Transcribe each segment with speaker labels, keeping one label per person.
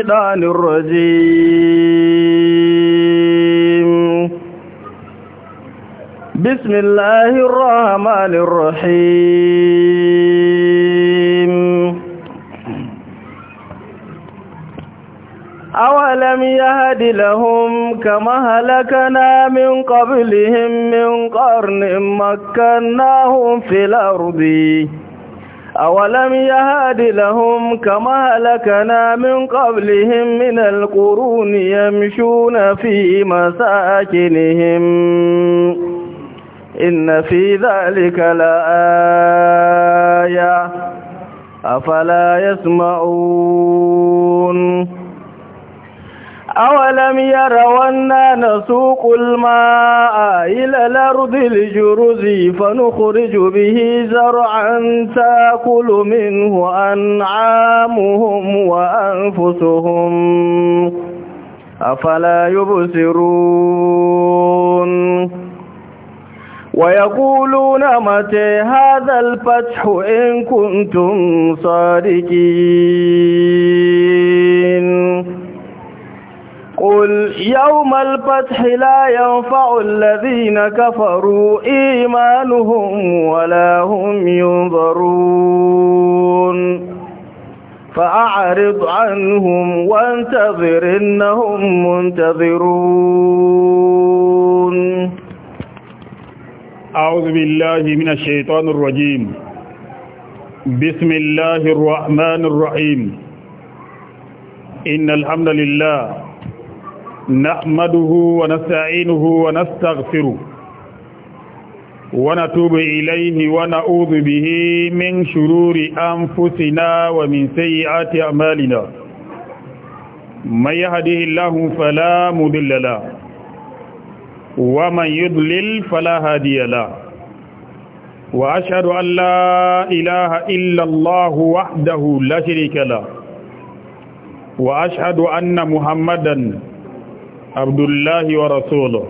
Speaker 1: الشيطان الرجيم بسم الله الرحمن الرحيم أولم يهد لهم كما هلكنا من قبلهم من قرن مكناهم في الأرض أولم يهاد لهم كما هلكنا من قبلهم من القرون يمشون في مساكنهم إن في ذلك لآية أفلا يسمعون أولم يروا أنا نسوق الماء إلى الأرض الجرز فنخرج به زرعا تأكل منه أنعامهم وأنفسهم أفلا يبصرون ويقولون متى هذا الفتح إن كنتم صادقين قل يوم الفتح لا ينفع الذين كفروا إيمانهم ولا هم ينظرون فأعرض عنهم وانتظر إنهم منتظرون
Speaker 2: أعوذ بالله من الشيطان الرجيم بسم الله الرحمن الرحيم إن الحمد لله نحمده ونستعينه ونستغفره ونتوب إليه ونعوذ به من شرور أنفسنا ومن سيئات أعمالنا من يهده الله فلا مضل له ومن يضلل فلا هادي له وأشهد أن لا إله إلا الله وحده لا شريك له وأشهد أن محمدًا abdullahi wa rasuluhu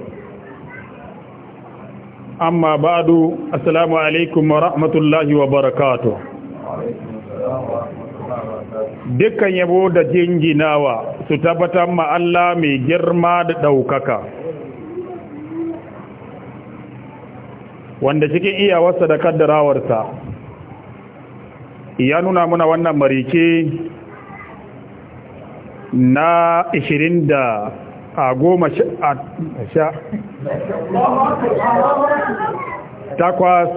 Speaker 2: amma ba'du assalamu alaikum wa rahmatullahi wa dukkan yabo da jinginawa su tabbatar ma Allah mai girma da ɗaukaka wanda cikin iyawarsa da kaddarawarsa ya nuna muna wannan marike na a goma sha takwas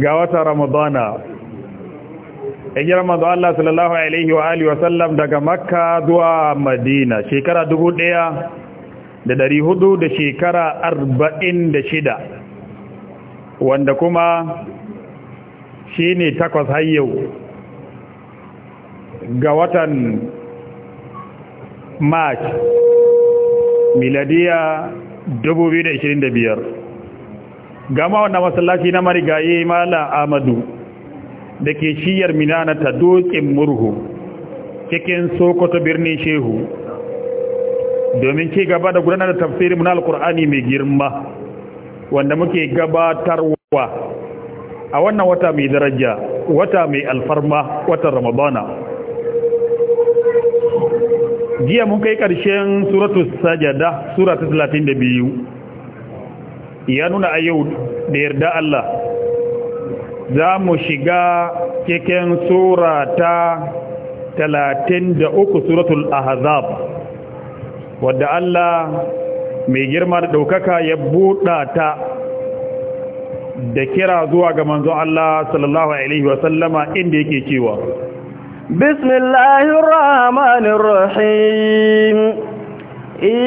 Speaker 2: ga wata ramadana yi ramadu Allah sallallahu alaihi wa alihi wa sallam daga makka zuwa madina shekara dubu ɗaya da dari hudu da shekara arba'in da shida wanda kuma shi ne takwas hayyau ga watan march miladiya 2025 gama wanda masallaci na marigaye malam Ahmadu da ke shiyar minana ta dokin murhu cikin sokoto birnin shehu domin ci gaba da gudanar da tafsirin na alkur'ani mai girma wanda muke gabatarwa a wannan wata mai daraja wata mai alfarma watan ramadana jiya mun kai ƙarshen suratul sajada sura ta 32 ya nuna a yau da yarda Allah za mu shiga cikin sura ta 33 suratul ahzab wadda Allah mai girma da ɗaukaka ya buɗa ta da kira zuwa ga manzon Allah sallallahu alaihi wasallama inda yake cewa بسم الله
Speaker 1: الرحمن الرحيم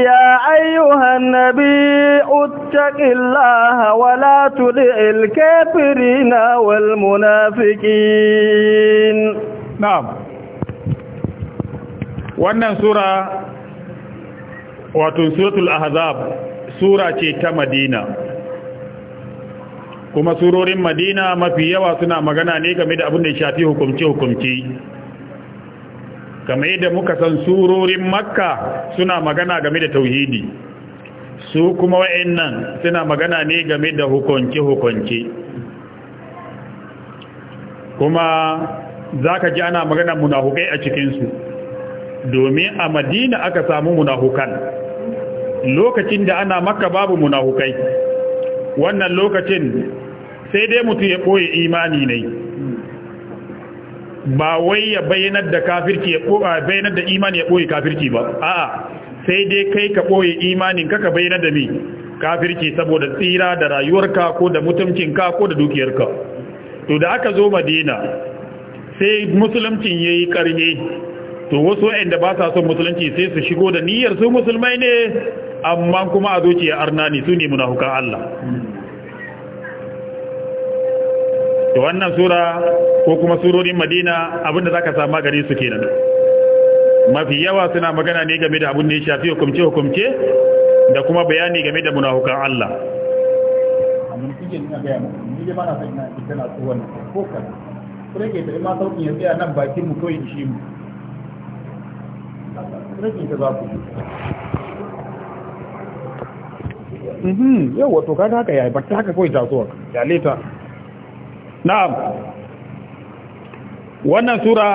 Speaker 1: يا أيها النبي اتق الله ولا تدع الكافرين
Speaker 2: wannan sura wato suratul ahzab sura ce ta madina kuma surorin madina mafi yawa suna magana ne game da abin da ya shafi hukumce hukumce kamar yadda muka san surorin makka suna magana game da tauhidi su kuma wa'annan suna magana ne game da hukunci-hukunci kuma za ka ji ana magana munahukai a cikinsu domin a madina aka samu munahukan lokacin da ana makka babu munahukai wannan lokacin sai dai mutu ya ɓoye imani ne ba wai ya bayyanar da kafirki ya bayyanar da imani ya boye kafirki ba a'a sai dai kai ka koyi imanin ka ka bayyanar da me Kafirki saboda tsira da rayuwarka ko da ka ko da dukiyarka to da aka zo madina sai musulunci yayi karye to wasu inda ba sa son musulunci sai su shigo da niyyar su musulmai ne amma kuma a zuciya arna sune su ne munafukan Allah to wannan sura ko kuma surorin madina abinda za ka sama gare su kenan mafi yawa suna magana ne game da abin da ya shafi hukumce-hukumce da kuma bayani game da munafukan Allah rage ta ima sauƙin ya tsaya nan bakin mu kawai ishe mu rage ta za ku yi mhm, yawa to kaga haka ya yi ba ta haka kawai tasowa ya leta na'am wannan sura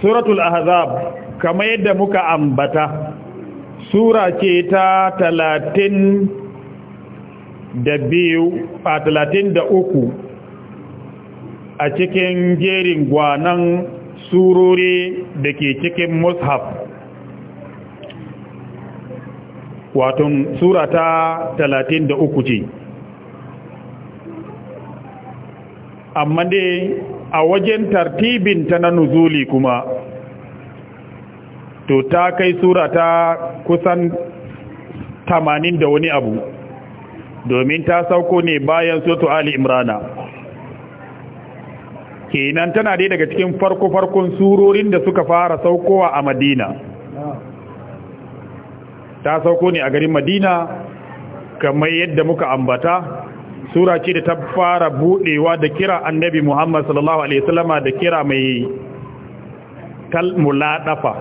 Speaker 2: suratul ahzab kamar yadda muka ambata sura ce ta 30 da biyu a 30 da uku a cikin jerin gwanan surori da ke cikin mushaf wato sura ta 30 da uku ce amma dai a wajen tartibin ta na nuzuli kuma to ta kai sura ta kusan tamanin da wani abu domin ta sauko ne bayan soto ali imrana kenan tana dai daga cikin farko-farkon surorin da suka fara saukowa a madina ta sauko ne a garin madina kamar yadda muka ambata sura ce da ta fara buɗewa da kira annabi Muhammad sallallahu alaihi wasallama da kira mai kalmuladafa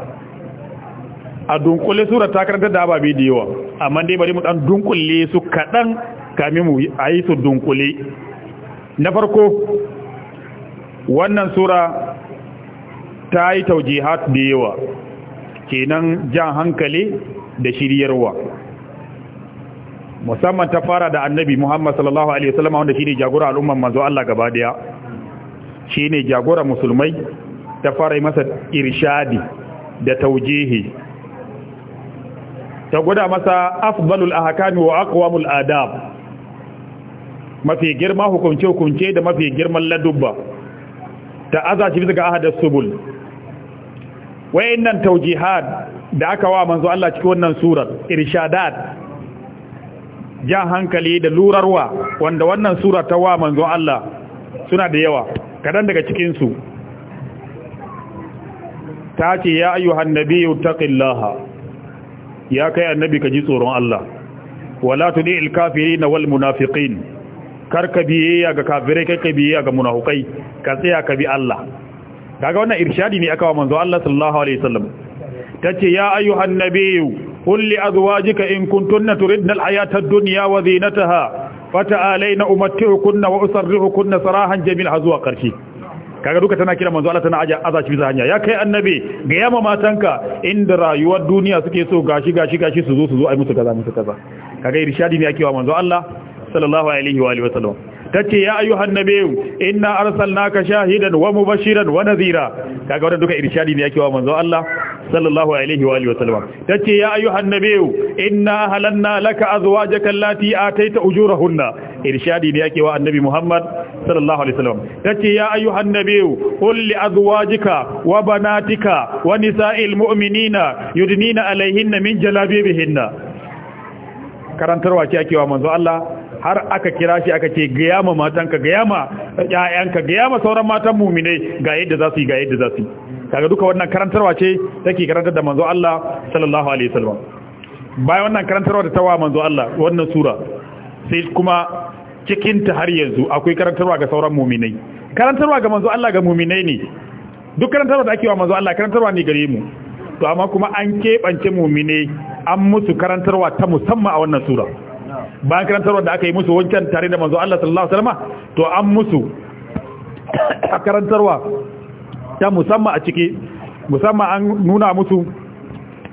Speaker 2: a dunkule sura ta karanta da ababe da yawa amma dai bari mu ɗan dunkule su kaɗan kamin mu ayi su dunkule na farko wannan sura ta yi taujihat da yawa kenan jan hankali da shiryarwa musamman ta fara da annabi Muhammad sallallahu alaihi wasallam wanda shine jagora al'umman manzo Allah gaba daya shine jagora musulmai ta fara masa irshadi da taujihi ta gwada masa afdalul ahkami wa aqwamul adab mafi girma hukunce hukunce da mafi girman ladubba ta azaci bisa ga ahadus subul wayannan taujihat da aka wa manzo Allah cikin wannan surar irshadat jan hankali da lurarwa wanda wannan sura ta wa manzon Allah suna da yawa kadan daga cikin su ta ce ya ayyuhan nabiyyu taqillaha ya kai annabi ka ji tsoron Allah wala tudil kafirin wal munafiqin karka biyayya ga kafirai kai ka biyayya ga munafikai ka tsaya ka bi Allah kaga wannan irshadi ne aka wa manzo Allah sallallahu alaihi wasallam tace ya ayyuhan nabiyyu قل لأزواجك إن كنتن تردن الحياة الدنيا وزينتها فتعالين أمتعكن وأسرعكن سراحا جميل هزوا قرشي kaga duka tana kira manzo Allah tana aja azaci bisa hanya ya kai annabi ga yamma matanka inda rayuwar duniya suke so gashi gashi gashi su zo su zo ai musu kaza musu kaza kaga irshadi ne yake wa manzo Allah sallallahu alaihi wa alihi wasallam tace ya ayyuhan nabiyyu inna arsalnaka shahidan wa mubashiran wa nadhira kaga wannan duka irshadi ne yake wa manzo Allah sallallahu alaihi wa alihi wa sallam tace ya ayyuhan nabiyyu inna halanna laka azwajaka allati ataita ujurahunna irshadi ne yake wa annabi Muhammad sallallahu alaihi wa sallam tace ya ayyuhan nabiyyu qul li azwajika wa banatika wa nisa'il mu'minina yudnina alaihinna min jalabibihinna karantarwa ce ake wa manzo Allah har aka kira shi aka ce gaya ma matanka gaya ma ƴaƴanka gaya ma sauran matan mu'minai ga yadda za su yi ga yadda za su yi kaga duka wannan karantarwa ce take karantar da manzo Allah sallallahu alaihi wasallam bayan wannan karantarwa da tawa manzo Allah wannan sura sai kuma cikin ta har yanzu akwai karantarwa ga sauran mu'minai karantarwa ga manzo Allah ga mu'minai ne duk karantarwa da ake wa manzo Allah karantarwa ne gare mu to amma kuma an keɓance muminai an musu karantarwa ta musamman a wannan sura bayan karantarwar da aka yi musu wancan tare da manzo Allah sallallahu alaihi wasallam to an musu karantarwa ta musamman a ciki musamman an nuna musu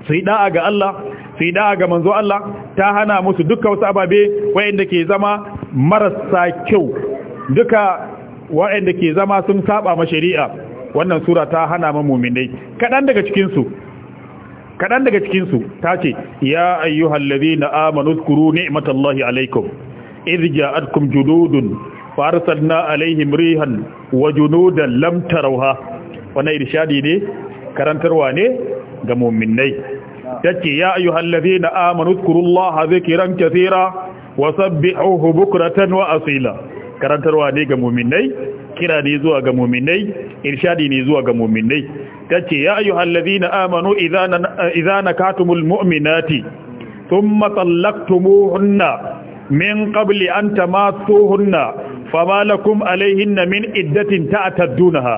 Speaker 2: su yi da'a ga Allah su da'a ga manzo Allah ta hana musu duka wasu ababe wayanda ke zama marasa kyau duka wayanda ke zama sun saba ma shari'a wannan sura ta hana ma mu'minai kadan daga cikin su kaɗan daga cikinsu ta ce ya ayyuhal ladhina amanu zkuru ni'matallahi alaikum adkum junudun jududun farsalna alaihim rihan wa junudan lam Wani irshadi ne karantarwa ne ga ta tace ya ayyuhal ladhina amanu zkurullaha zikran kathira wa sabbihuhu bukratan wa asila karantarwa ne ga mu'minnai kira ne zuwa ga mu'minnai irshadi ne zuwa ga mu'minnai tace ya ayyuhal ladina amanu idza nakatumul mu'minati thumma tallaqtumuhunna min qabli an tamassuhunna fama lakum alaihinna min iddatin ta'taddunaha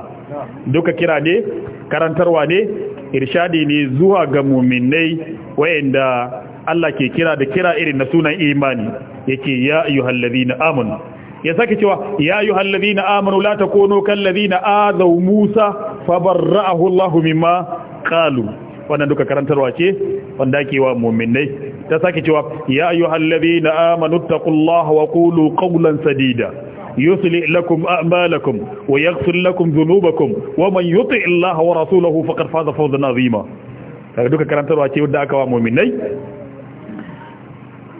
Speaker 2: duka kira ne karantarwa ne irshadi ne zuwa ga mu'minai wayanda Allah ke kira da kira irin na sunan imani yake ya ayyuhal amanu ya sake cewa ya ayyuhal ladina amanu la takunu kal ladina musa fabarra'ahu Allah mimma wannan duka karantarwa ce wanda ake wa mu'minai ta sake cewa ya ayyuhal ladina amanu taqullaha wa qulu qawlan sadida duka karantarwa ce aka wa muminai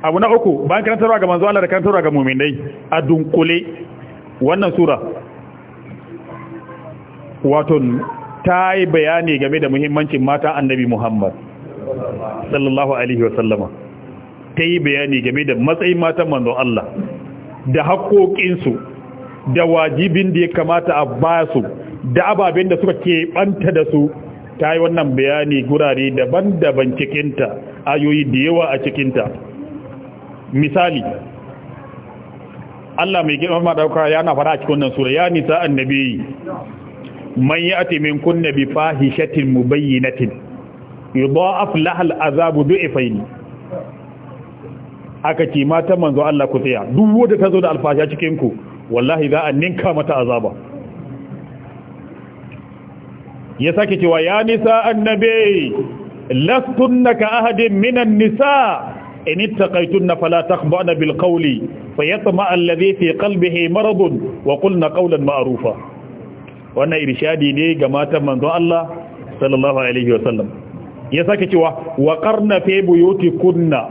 Speaker 2: abu na uku bayan karantarwa ga manzo Allah da karantarwa ga muminai a dunkule wannan sura wato ta yi bayani game da muhimmancin mata annabi Muhammad sallallahu alaihi wasallama ta yi bayani game da matsayin matan manzon Allah da haƙoƙinsu da wajibin da ya kamata a basu, da ababen da suka keɓanta da su ta yi wannan bayani gurare daban-daban cikinta ayoyi da yawa a cikinta misali Allah mai girma dauka yana fara cikin wannan sura ya nisa annabi man ya'ti min kunna bi fahishatin mubayyinatin yudha'af lahal azabu du'ifaini aka ce mata manzo Allah ku tsaya duk wanda zo da alfasha cikin ku wallahi za a ninka mata azaba ya sake cewa ya nisa annabi lastunna ka ahadin minan nisa in ittaqaytunna fala taqba'na bil qawli fayatma alladhi fi qalbihi maradun wa qulna qawlan ma'rufa wannan irshadi ne ga matan manzon Allah sallallahu alaihi wasallam ya sake cewa wa qarna fi buyutikunna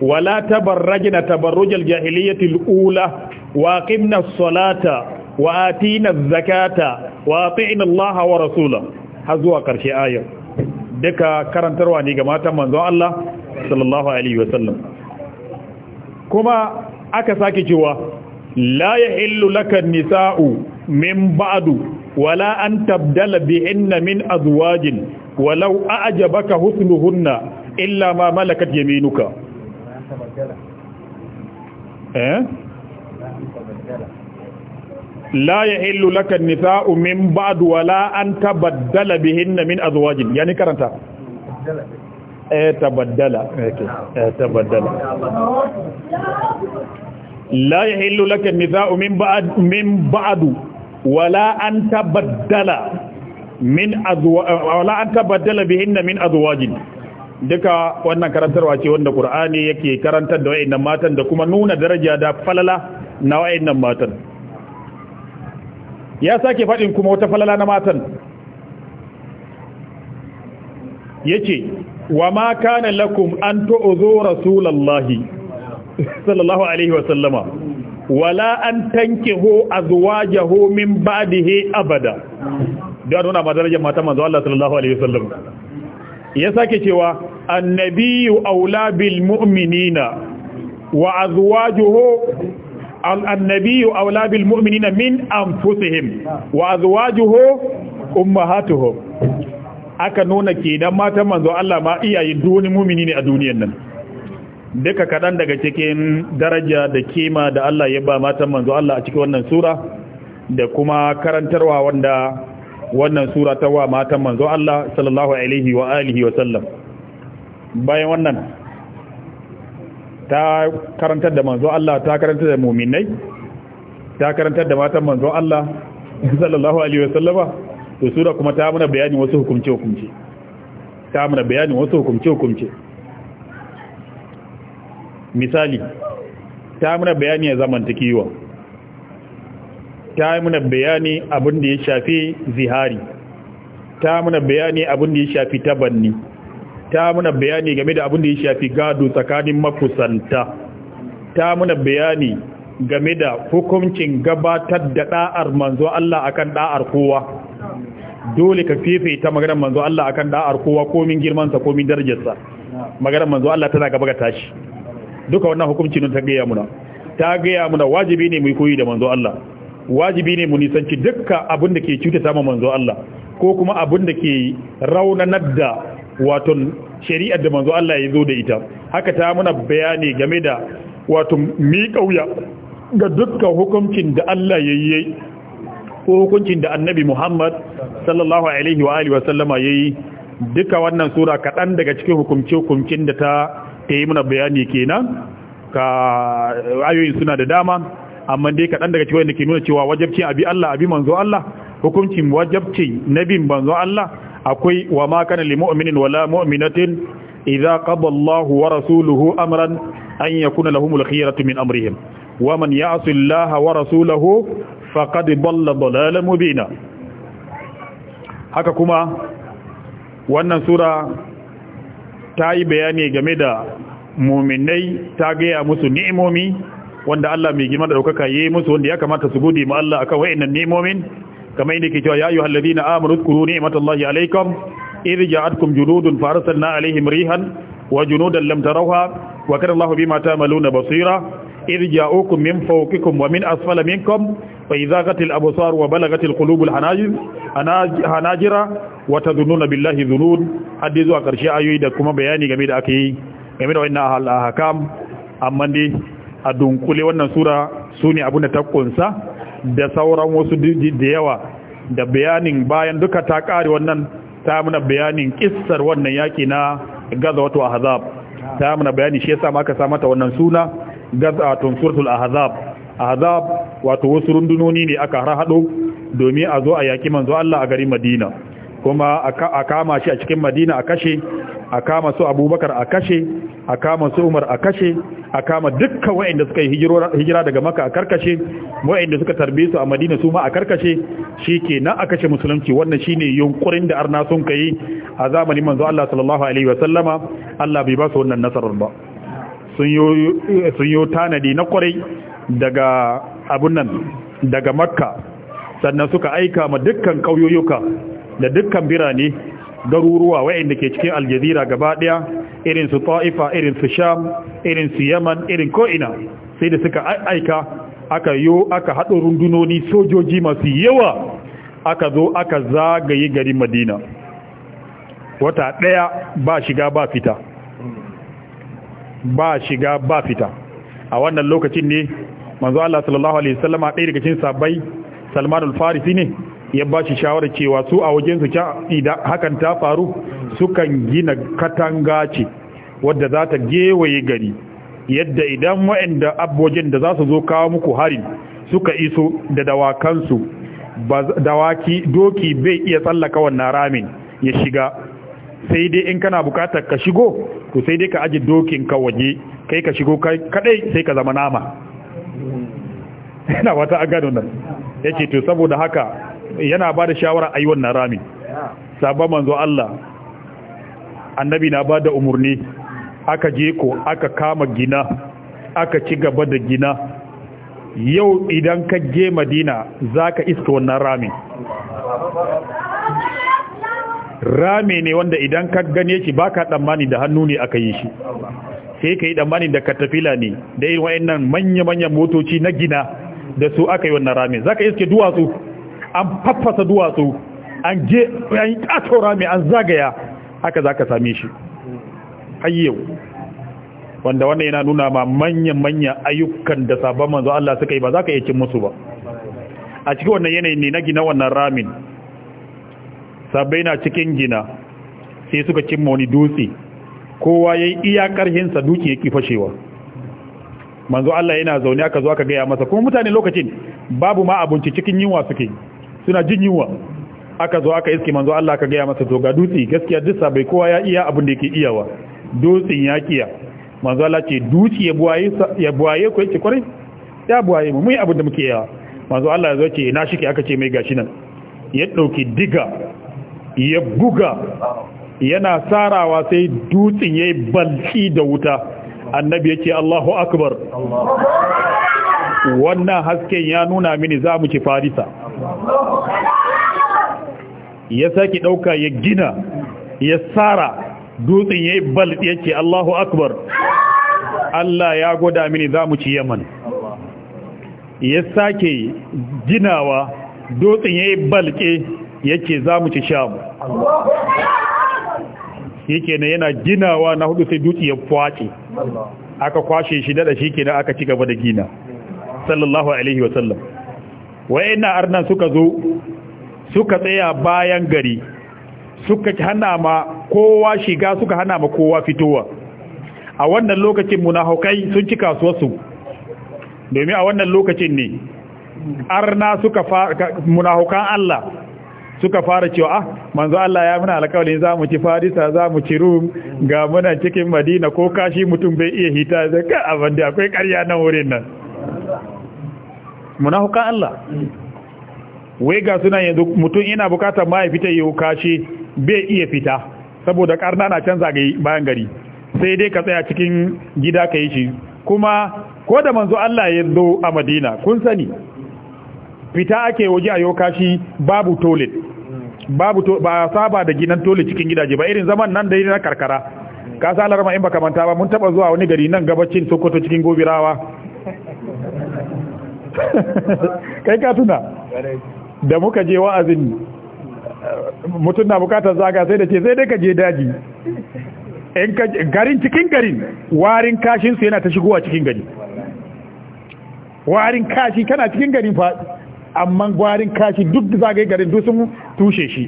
Speaker 2: wala tabarrajna tabarrujal jahiliyatil ula wa aqimna as-salata wa atina az-zakata wa atina Allah wa rasulahu har zuwa karshe ayar duka karantarwa ne ga matan manzon Allah sallallahu alaihi wasallam kuma aka sake cewa la yahillu laka nisa'u min ba'du ولا أن تبدل بهن من أزواج ولو أعجبك حسنهن إلا ما ملكت يمينك لا يحل لك النساء من بعد ولا أن تبدل بهن من أزواج يعني كرنتا إيه تبدل إيه تبدل لا يحل لك النساء من بعد من بعد wala an tabaddala min bihinna min azwajin duka wannan karantarwa ce wanda Qur'ani yake karantar da wayannan matan da kuma nuna daraja da falala na wayannan matan ya sake faɗin kuma wata falala na matan ya ce wa ma kana lakum an tu'zu rasulallahi sallallahu alaihi wa sallama wala an tanke ho tankihu azwajahu min he abada da nuna ba darajar mata manzo Allah sallallahu alaihi wasallam ya sake cewa annabiyyu aula bil mu'minina wa azwajuhu annabiyyu aula bil mu'minina min anfusihim wa azwajuhu ummahatuhum aka nuna kenan matan manzo Allah ma iyaye duni mu'mini ne a duniyar nan duka kaɗan daga cikin daraja da kima da Allah ya ba matan manzo Allah a cikin wannan sura da kuma karantarwa wanda wannan sura ta wa matan manzo Allah sallallahu alaihi wa alihi wa sallam bayan wannan ta karantar da manzo Allah ta karantar da muminai ta karantar da matan manzo Allah sallallahu alaihi wa sallama to sura kuma ta muna bayanin wasu hukumce hukumce ta muna bayanin wasu hukumce hukumce misali ta muna bayani a zamantakewa ta muna bayani abin da ya shafi zihari ta muna bayani abin da ya shafi tabanni ta muna bayani game da abin da ya shafi gado tsakanin makusanta ta muna bayani game da hukuncin gabatar da da'ar manzo Allah akan da'ar kowa dole ka ta maganar manzo Allah akan da'ar kowa komin girmansa komin darajarsa maganar manzo Allah tana gaba ga tashi duka wannan hukunci ta gaya muna ta gaya muna wajibi ne mu koyi da manzo Allah wajibi ne mu nisanci dukkan abin da ke cutata ma manzo Allah ko kuma abin da ke raunanar da wato shari'ar da manzo Allah ya zo da ita haka ta muna bayani game da wato mi kauya ga dukkan hukuncin da Allah ya yi ko hukuncin da Annabi Muhammad sallallahu alaihi wa alihi wa sallama yayi duka wannan sura kadan daga cikin hukunce-hukuncin da ta Ka yi muna bayani kenan ka ayoyin suna da dama amma dai kaɗan daga cewa da ke nuna cewa wajabci abi Allah abi manzo Allah hukuncin wajabci na bin manzo Allah akwai wa ma kana lil mu'minin wala mu'minatin idza qada Allahu wa rasuluhu amran an yakuna lahumul khiyaratu min amrihim wa man ya'si Allah wa rasulahu faqad dalla dalalan mubina haka kuma wannan sura ta yi bayani game da muminai ta gaya musu ni'imomi wanda Allah mai girma da daukaka yi musu wanda ya kamata su gode ma Allah akan wayannan ni'imomin kamar yadda ke cewa ya ayyuhal ladina amanu zkuru ni'matallahi alaykum idh ja'atkum juludun farsalna alaihim rihan wa junudan lam tarawha wa kana Allahu bima ta'maluna basira irja'ukum min fawqikum wa min asfala minkum fa idza ghatil absar wa balagatil qulubul hanajir hanajira wa tadununa billahi dhunun haddi zuwa karshe ayoyi da kuma bayani game da aka yi game da wannan ahkam amma dai a dunkule wannan sura sune abun da ta kunsa da sauran wasu da yawa da bayanin bayan duka ta kare wannan ta muna bayanin kissar wannan yaki na gaza wato ahzab ta muna bayani shi yasa ma aka sa wannan suna gazatun suratul ahzab ahzab wato wasu rundunoni ne aka harhaɗo domin a zo a yaki manzo Allah a garin Madina kuma a kama shi a cikin Madina a kashe a kama su Abubakar a kashe a kama su Umar a kashe a kama dukkan waɗanda suka yi hijira daga Makka a karkashe waɗanda suka tarbe su a Madina su ma a karkashe shikenan a kashe musulunci wannan shine yunkurin da arna sun kai a zamanin manzo Allah sallallahu alaihi wa sallama Allah bai ba su wannan nasarar ba sun yi tanadi na kwarai daga abun nan daga makka sannan suka aika ma dukkan kauyoyuka da dukkan birane garuruwa waɗanda ke cikin aljazira gaba ɗaya irin su ta'ifa irin su sham irin su yaman irin ko'ina sai da suka aika aka yo aka haɗo rundunoni sojoji masu yawa aka zo aka zagaye garin madina wata ɗaya ba shiga ba fita ba shiga ba fita a wannan lokacin ne manzo Allah sallallahu alaihi ɗaya daga cikin sabai Salman al-Farisi ne ya ba shi shawarar cewa su a wajen su idan hakan ta faru sukan gina katanga ce wadda za ta gewaye gari yadda idan waɗanda abojin da za su zo kawo muku harin suka iso da dawakansu dawaki doki bai iya tsallaka wannan ramin ya shiga sai dai in kana bukatar ka shigo to sai dai ka aji dokin ka waje kai ka shigo kadai sai ka zama nama yana wata agado nan ya to saboda haka yana ba da shawara a yi wannan rami sabon manzo Allah annabi na bada da umarni aka je ko aka kama gina aka ci gaba da gina yau idan ka je madina za ka iska wannan rami rame ne wanda idan ka gane shi baka tsammani da hannu ne aka yi shi sai ka yi da katafila ne da irin wayannan manya-manyan motoci na gina da su aka yi wannan rame zaka iske duwatsu an faffasa duwatsu an je an kato rame an zagaya haka zaka same shi hayyau wanda wannan yana nuna ma manya manya ayyukan da sabon manzo Allah suka yi ba zaka iya cin musu ba a cikin wannan yanayin ne na gina wannan ramin sabai na cikin gina sai suka cimma wani dutse kowa ya yi iya karhinsa duki ya fashewa manzo Allah yana zaune aka zo aka gaya masa kuma mutane lokacin babu ma abinci cikin yunwa suke suna jin yunwa aka zo aka iske manzo Allah aka gaya masa to ga dutse gaskiya duk sabai kowa ya iya abin da yake iyawa dutsen ya kiya manzo Allah ce dutse ya buwaye ya buwaye ko yake kwarai ya buwaye mu mun abin da muke yawa manzo Allah ya zo ce na shike aka ce mai gashi nan ya dauki diga ya buga yana sarawa sai dutsen ya yi balci da wuta annabi ya ce Allahu akbar wannan hasken ya nuna mini za mu ci farisa ya sake ɗauka ya gina ya tsara dutsen ya yi balit ya ce Allahu akbar Allah ya goda mini za mu ci yaman ya sake ginawa dutsen ya yi balke ya ce za mu ci shamu yake ne yana ginawa na hudu sai dutse ya kwace aka kwashe shi da shi kenan aka ci gaba da gina sallallahu alaihi wa sallam wayannan arnan suka zo suka tsaya bayan gari suka hana ma kowa shiga suka hana ma kowa fitowa a wannan lokacin munahukai sun ci kasuwarsu domin a wannan lokacin ne arna suka munahukan Allah suka fara cewa ah manzo Allah ya muna alƙawari za mu ci Farisa za mu ci Rum ga muna cikin Madina ko kashi mutum bai iya hita da ka abin da akwai ƙarya nan wurin nan munafiqan Allah wai ga suna yanzu mutum ina bukatar ma ya fita yau kashi bai iya fita saboda karna na canza ga bayan gari sai dai ka tsaya cikin gida ka yi shi kuma ko da manzo Allah ya zo a Madina kun sani fita ake waje a yokashi babu toilet babu to ba saba da ginan toilet cikin gidaje ba irin zaman nan da na karkara ka sa alarma in baka manta ba mun taba zuwa wani gari nan gabacin Sokoto cikin Gobirawa kai ka tuna da muka je wa'azin mutum na bukatar zaga sai da ce sai dai ka je daji garin cikin garin warin kashinsu yana ta shigowa cikin gari warin kashi kana cikin garin fa amma gwarin kashi duk zagaye garin duk sun tushe shi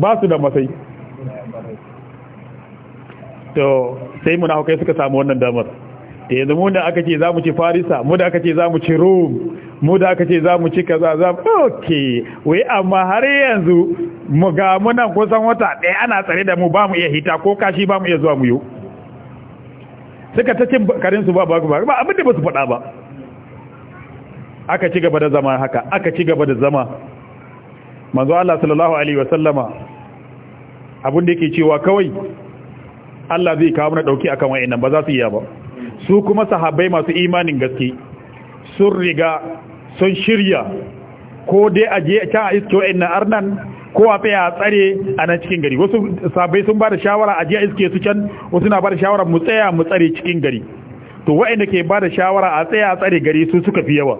Speaker 2: ba su da matsayi to sai muna hukai suka samu wannan damar da yanzu mu da aka ce za mu ci farisa mu da aka ce za mu ci rome mu da aka ce za mu ci kaza za mu oke wai amma har yanzu mu ga munan kusan wata ɗaya ana tsare da mu ba mu iya hita ko kashi ba mu iya zuwa mu yi suka ta cin karinsu ba ba ba abin da ba su faɗa ba aka ci gaba da zama haka aka ci gaba da zama manzo Allah sallallahu alaihi wasallama abun da yake cewa kawai Allah zai kawo mana dauki akan wayennan ba za su iya ba su kuma sahabbai masu imanin gaske sun riga sun shirya ko dai a je can a iske wayennan arnan ko a tsaya a tsare a nan cikin gari wasu sahabbai sun ba da shawara a je a iske su can wasu na ba da shawara mu tsaya mu tsare cikin gari to wayanda ke ba da shawara a tsaya a tsare gari su suka fi yawa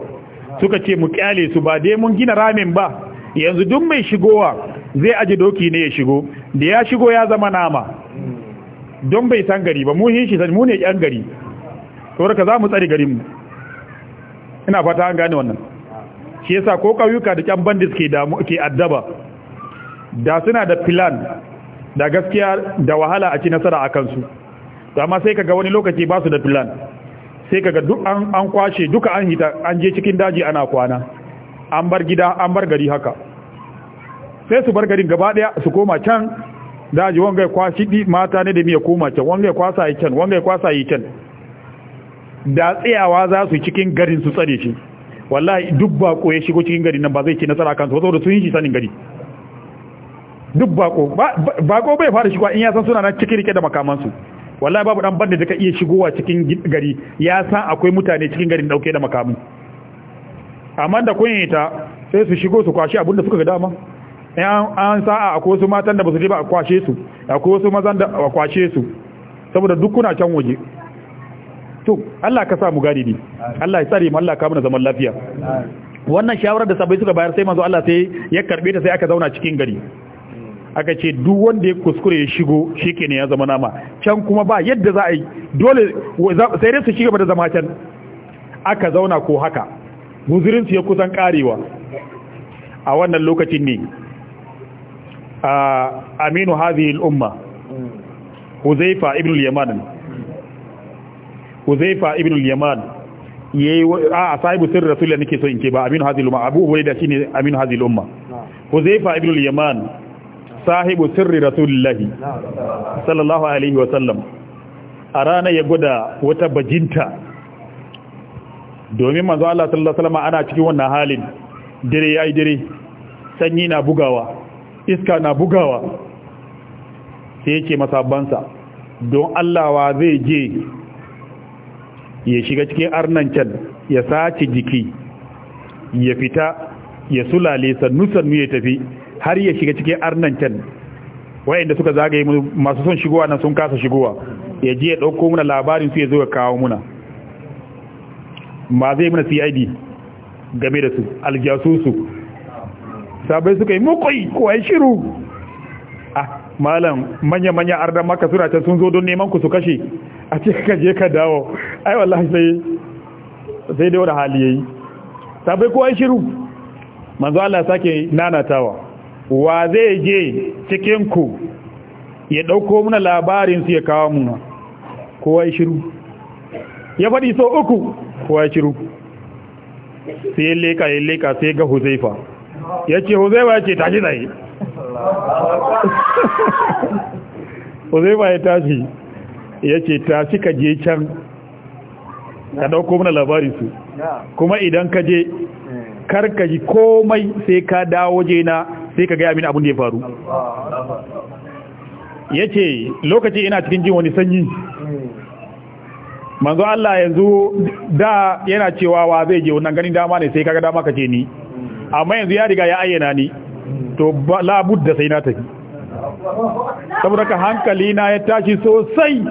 Speaker 2: suka ce mu kyale su ba dai mun gina ramin ba yanzu duk mai shigowa zai aji doki ne ya shigo da ya shigo ya zama nama don bai san gari ba mu hin shi mu ne yan gari to ka za mu tsare mu ina fata an gane wannan shi yasa ko kauyuka da kyan bandits ke damu ke addaba da suna da plan da gaskiya da wahala a ci nasara a kansu amma sai kaga wani lokaci ba su da plan sai kaga duk an kwashe duka an hita an je cikin daji ana kwana an bar gida an bar gari haka sai su bar garin gaba daya su koma can daji wanga ya kwashi di mata ne da miya koma can wanga ya kwasa yi can wanga ya kwasa yi can da tsayawa za su cikin garin su tsare shi wallahi duk bako ya shigo cikin garin nan ba zai ci nasara kansu saboda sun yi shi sanin gari duk bako bako bai fara shigo in ya san suna nan cikin rike da makamansu wallahi babu dan banda da ka iya shigowa cikin gari ya sa akwai mutane cikin garin dauke da makamu amma da kun ta sai su shigo su kwashi abinda suka ga dama an sa'a akwai su matan da ba su je ba a kwashe su akwai su mazan da a kwashe su saboda duk kuna can waje to Allah ka sa mu gari ne Allah ya tsare mu Allah ka mu zaman lafiya wannan shawarar da sabai suka bayar sai manzo Allah sai ya karbe ta sai aka zauna cikin gari aka ce duk wanda ya kuskure ya shigo ne ya zama nama can kuma ba yadda za a yi dole sai dai su shiga da zama can aka zauna ko haka guzurin su ya kusan karewa a wannan lokacin ne aminu hazi al'umma umma huzaifa ibn al-yaman huzaifa ibn al-yaman yayi a sahibu sirr rasulullahi nake so in ba aminu hazi al-umma abu hurayda shine aminu hazi al-umma huzaifa ibn al-yaman sahibu sirri rasulillahi sallallahu alaihi sallam a rana ya gwada wata bajinta domin manzo Allah sallallahu alaihi ana cikin wannan halin dire yayi dire sanyi na bugawa iska na bugawa sai yake masabansa don Allah wa zai je ya shiga cikin arnan can ya sace jiki ya fita ya sulale sannu sannu ya tafi har ya shiga cikin arnan can wayanda suka zagaye masu son shigowa nan sun kasa shigowa ya je ya dauko muna labarin su ya zo ya kawo muna ma zai muna CID game da su aljasusu sabai suka yi mukwai kowai shiru ah malam manya-manya ardan maka suna can sun zo don neman ku su kashe a ce ka je ka dawo ai wallahi sai sai dai wani hali yayi sabai kowai shiru manzo Allah sake nanatawa wa zai je cikinku ya ɗauko muna labarinsu ya kawo muna kowa ya shiru ya faɗi sau uku kowa ya shiru sai ya leka ya leka sai ga huzaifa ya ce huzaifa ya ce tashi zai huzaifa ya tashi ya ce tashi ka je can ka ɗauko muna labarinsu kuma idan ka je kar ka komai sai ka dawo je na sai ka gaya mini abin da ya faru ya ce lokaci ina cikin jin wani sanyi manzo Allah yanzu da yana cewa wa zai je wannan ganin dama ne sai kaga dama ka ce ni amma yanzu ya riga ya ayyana ni to labudda sai na tafi saboda ka hankali na ya tashi sosai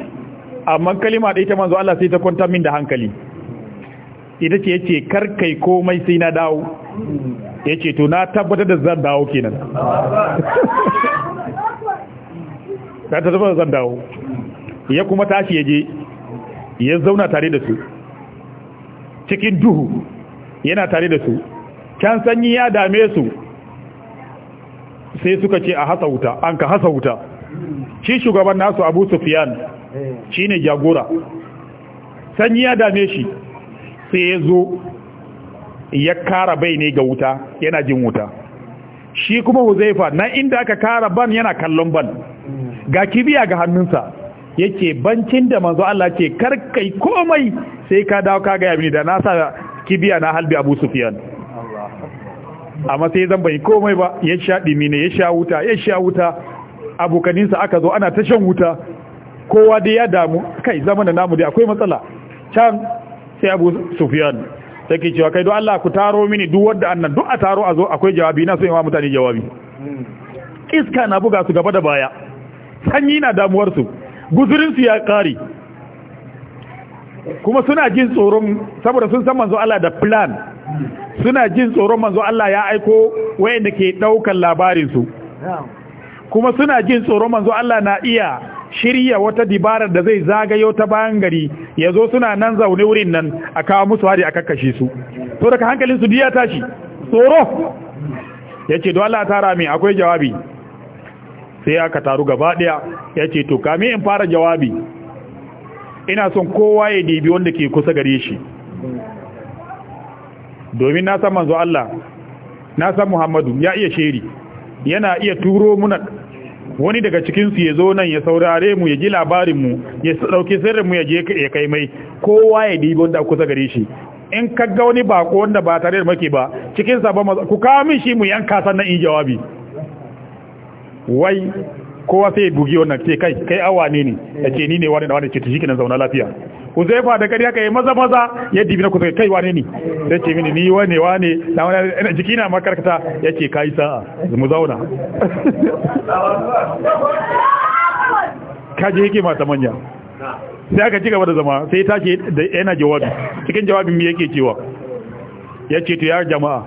Speaker 2: amma kalima da ita manzo Allah sai ta kwanta min da hankali ita ce yace kar kai komai sai na dawo ya ce to na tabbatar da zan dawo kenan ta tabbatar da zan dawo ya kuma tashi ya je ya zauna tare da su cikin duhu yana tare da su can sanyi ya dame su sai suka ce a hasa wuta an ka hasa wuta shi shugaban nasu abu sufiyan shi ne jagora sanyi ya dame shi sai ya zo ya kara bai ne ga wuta yana jin wuta shi kuma huzaifa na inda aka kara ban yana kallon ban ga kibiya ga hannunsa yake bancin da manzo Allah ce karkai komai sai ka dawo ka gaya mini da na sa kibiya na halbi Abu Sufyan amma sai zan bai komai ba ya sha dimi ya sha wuta ya sha wuta abokaninsa aka zo ana ta shan wuta kowa dai ya damu kai zaman da namu dai akwai matsala can sai Abu Sufyan take cewa kai don Allah ku taro mini duk wanda annan duk a taro a zo akwai jawabi na so yi wa mutane jawabi iska na buga su gaba da baya sanyi na damuwarsu, su ya kare kuma suna jin tsoron saboda sun san manzo Allah da plan suna jin tsoron manzo Allah ya aiko wayanda ke daukan labarin su kuma suna jin tsoron manzo Allah na iya shirya wata dibarar da zai zagayo ta bayan gari ya zo suna nan zaune wurin nan a kawo musu hari a kakkashe su to daga hankalin su biya tashi tsoro ya ce don Allah tara mai akwai jawabi sai aka taru gaba ɗaya ya ce to kame in fara jawabi ina son kowa ya dibi wanda ke kusa gare shi domin na san manzo Allah na san Muhammadu ya iya sheri yana iya turo muna wani daga cikinsu ya zo nan ya saurare mu ya ji labarinmu ya ɗauki sirrinmu ya je ya kai mai kowa ya dibi wanda kusa gare shi in kaga wani bako wanda ba tare da make ba cikinsa ba maza ku kawo min shi mu yanka sannan in jawabi wai kowa sai bugi wannan ce kai kai awa ne ne ya ce ni ne wani da wani ce ta shi kinan zauna lafiya huzaifa da kariya yi maza maza ya dibi na ku kai wane ne da ce mini ni wane wane na wani ina jiki na makarkata ka yi sa'a mu zauna Ka je yake mata manya sai aka ci gaba da zama sai ta ce da yana jawabi cikin jawabin mu yake cewa yace to ya jama'a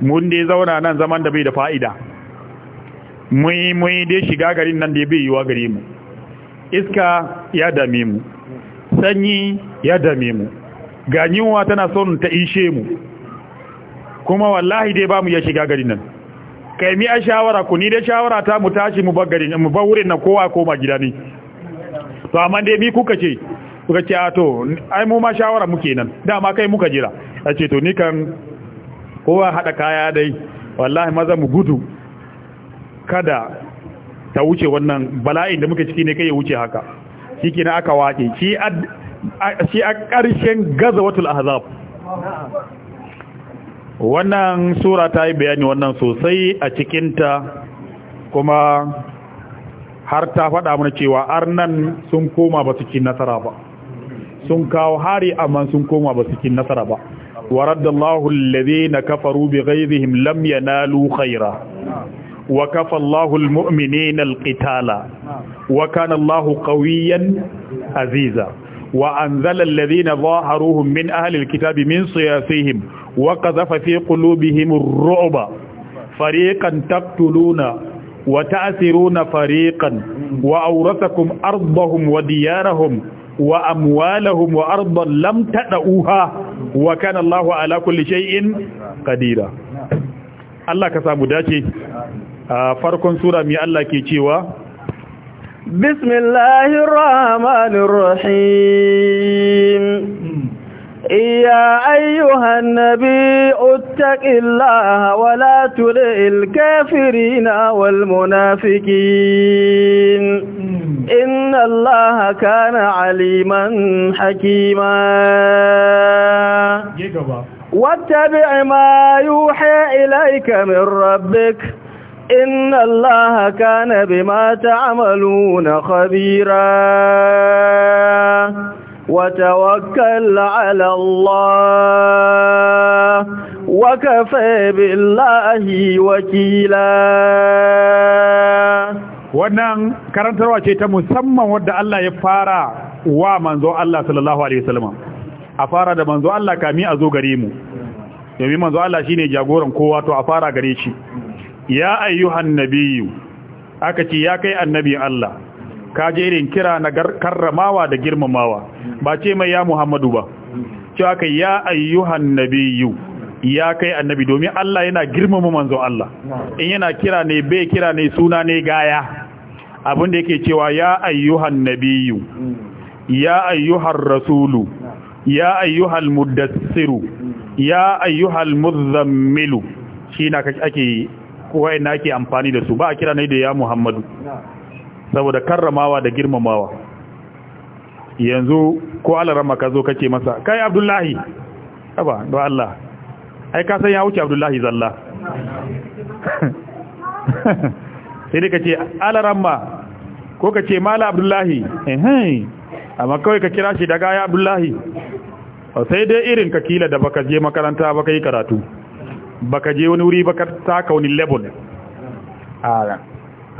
Speaker 2: mun dai zauna nan zaman da bai da fa'ida mun mun dai shiga garin nan da bai yiwa gare mu iska ya dame mu sanyi ya dame mu ga yunwa tana son ta ishe mu kuma wallahi dai ba mu ya shiga gari nan kai mi a shawara ku ni dai shawara ta mu tashi mu bagari mu ba wurin nan kowa koma gida ne to amma dai mi kuka ce kuka ce a to ai mu ma shawara muke nan dama kai muka jira a ce to ni kan kowa hada kaya dai wallahi maza mu gudu kada ta wuce wannan bala'in da muke ciki ne kai ya wuce haka shi aka waƙe shi a ƙarshen gaza watul ahzab wannan sura ta yi bayani wannan sosai a cikinta kuma har ta faɗa mana cewa arnan sun koma ba su ci nasara ba sun kawo hari amma sun koma ba su ci nasara ba wa raddallahu alladhina kafaru bighayzihim lam yanalu khaira wa kafa Allahu almu'minina alqitala wa kana Allahu aziza wa anzala alladhina zaharuhum min ahli kitabi min siyasihim wa qadhafa fi qulubihim ar-ru'ba fariqan taqtuluna wa ta'siruna fariqan wa awrathakum ardahum wa diyarahum wa amwalahum wa ardan lam tad'uha wa kana ala kulli shay'in qadira Allah ka samu dace آه، farkon sura mai Allah ke cewa
Speaker 1: bismillahir rahmanir rahim يا أيها النبي اتق الله ولا تلع الكافرين والمنافقين إن الله كان عليما حكيما واتبع ما يوحى إليك من ربك إن الله كان بما تعملون خبيرا وتوكل على الله
Speaker 2: وكفى بالله وكيلا wannan karantarwa ce ta musamman wadda Allah ya fara wa manzo Allah sallallahu alaihi wasallam a fara da manzo Allah kami a zo gare mu domin manzo Allah shine jagoran kowa to a fara gare shi ya ayyuhan nabiyyu aka ce ya kai annabi Allah ka je irin kira na karramawa da girmamawa ba ce mai ya Muhammadu ba ce aka ya ayyuhan nabiyyu ya kai annabi domin Allah yana girmama manzo Allah in yana kira ne bai kira ne suna ne gaya abinda yake cewa ya ayyuhan nabiyyu ya ayyuhar rasulu ya ayyuhal muddassiru ya ayyuhal muzammilu shi na ake ko na ake amfani da su ba a kira ne da ya Muhammadu saboda karramawa da girmamawa yanzu ko alarama ka zo kake masa kai Abdullahi aba do Allah ai ka san ya wuce Abdullahi zalla sai dai kace alarama ko kace mala Abdullahi eh eh amma kawai ka kira shi daga ya Abdullahi sai dai irin ka kila da baka je makaranta baka yi karatu baka je wani wuri baka taka wani level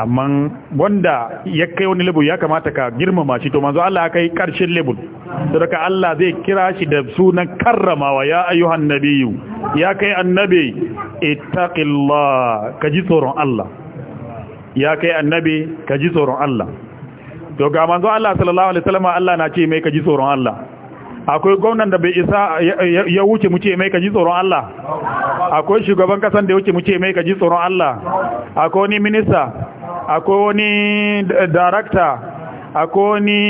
Speaker 2: amma wanda ya kai wani level ya kamata ka girmama shi to manzo Allah ya kai karshen level saboda Allah zai kira shi da sunan karramawa ya ayyuhan nabiyyu ya kai annabi ittaqillah ka ji tsoron Allah ya kai annabi ka ji tsoron Allah to ga manzo Allah sallallahu alaihi wasallam Allah na ce mai ka ji tsoron Allah akwai gwamnan da bai isa ya wuce mu ce mai kaji tsoron Allah akwai shugaban kasan da ya wuce mu ce mai kaji tsoron Allah akwai wani minista akwai wani director akwai wani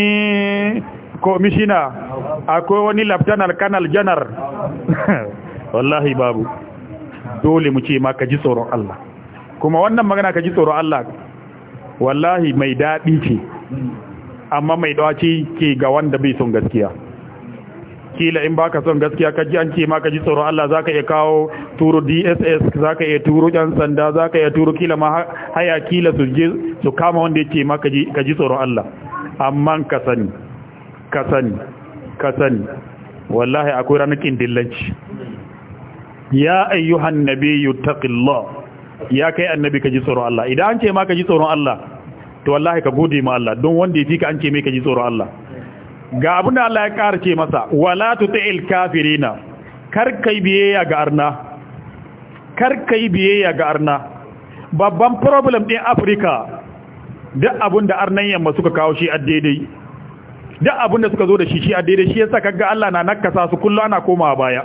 Speaker 2: commissioner akwai wani lieutenant colonel general wallahi babu dole mu ce ma kaji tsoron Allah kuma wannan magana kaji tsoron Allah wallahi mai daɗi ce amma mai dawaci ke ga wanda bai son gaskiya kila in baka son gaskiya ka ji an ce ma ka ji tsoro Allah zaka iya kawo turu DSS zaka iya turu ɗan sanda zaka iya turu kila ma haya kila su je su kama wanda yake ma ka ji tsoro Allah amma ka sani ka sani ka sani wallahi akwai ranakin dillanci ya ayyuhan nabiyyu taqillah ya kai annabi ka ji tsoro Allah idan an ce ma ka ji tsoro Allah to wallahi ka gode ma Allah don wanda ya fi ka an ce mai ka ji tsoro Allah ga abin da Allah ya ƙara ce masa wala tuti'il kafirina karkai biyayya ga arna karkai biyayya ga arna babban problem din Africa duk abin da arnan yamma suka kawo shi a daidai duk abin da suka zo da shi shi a daidai shi yasa kaga Allah na nakasa su kullu ana koma baya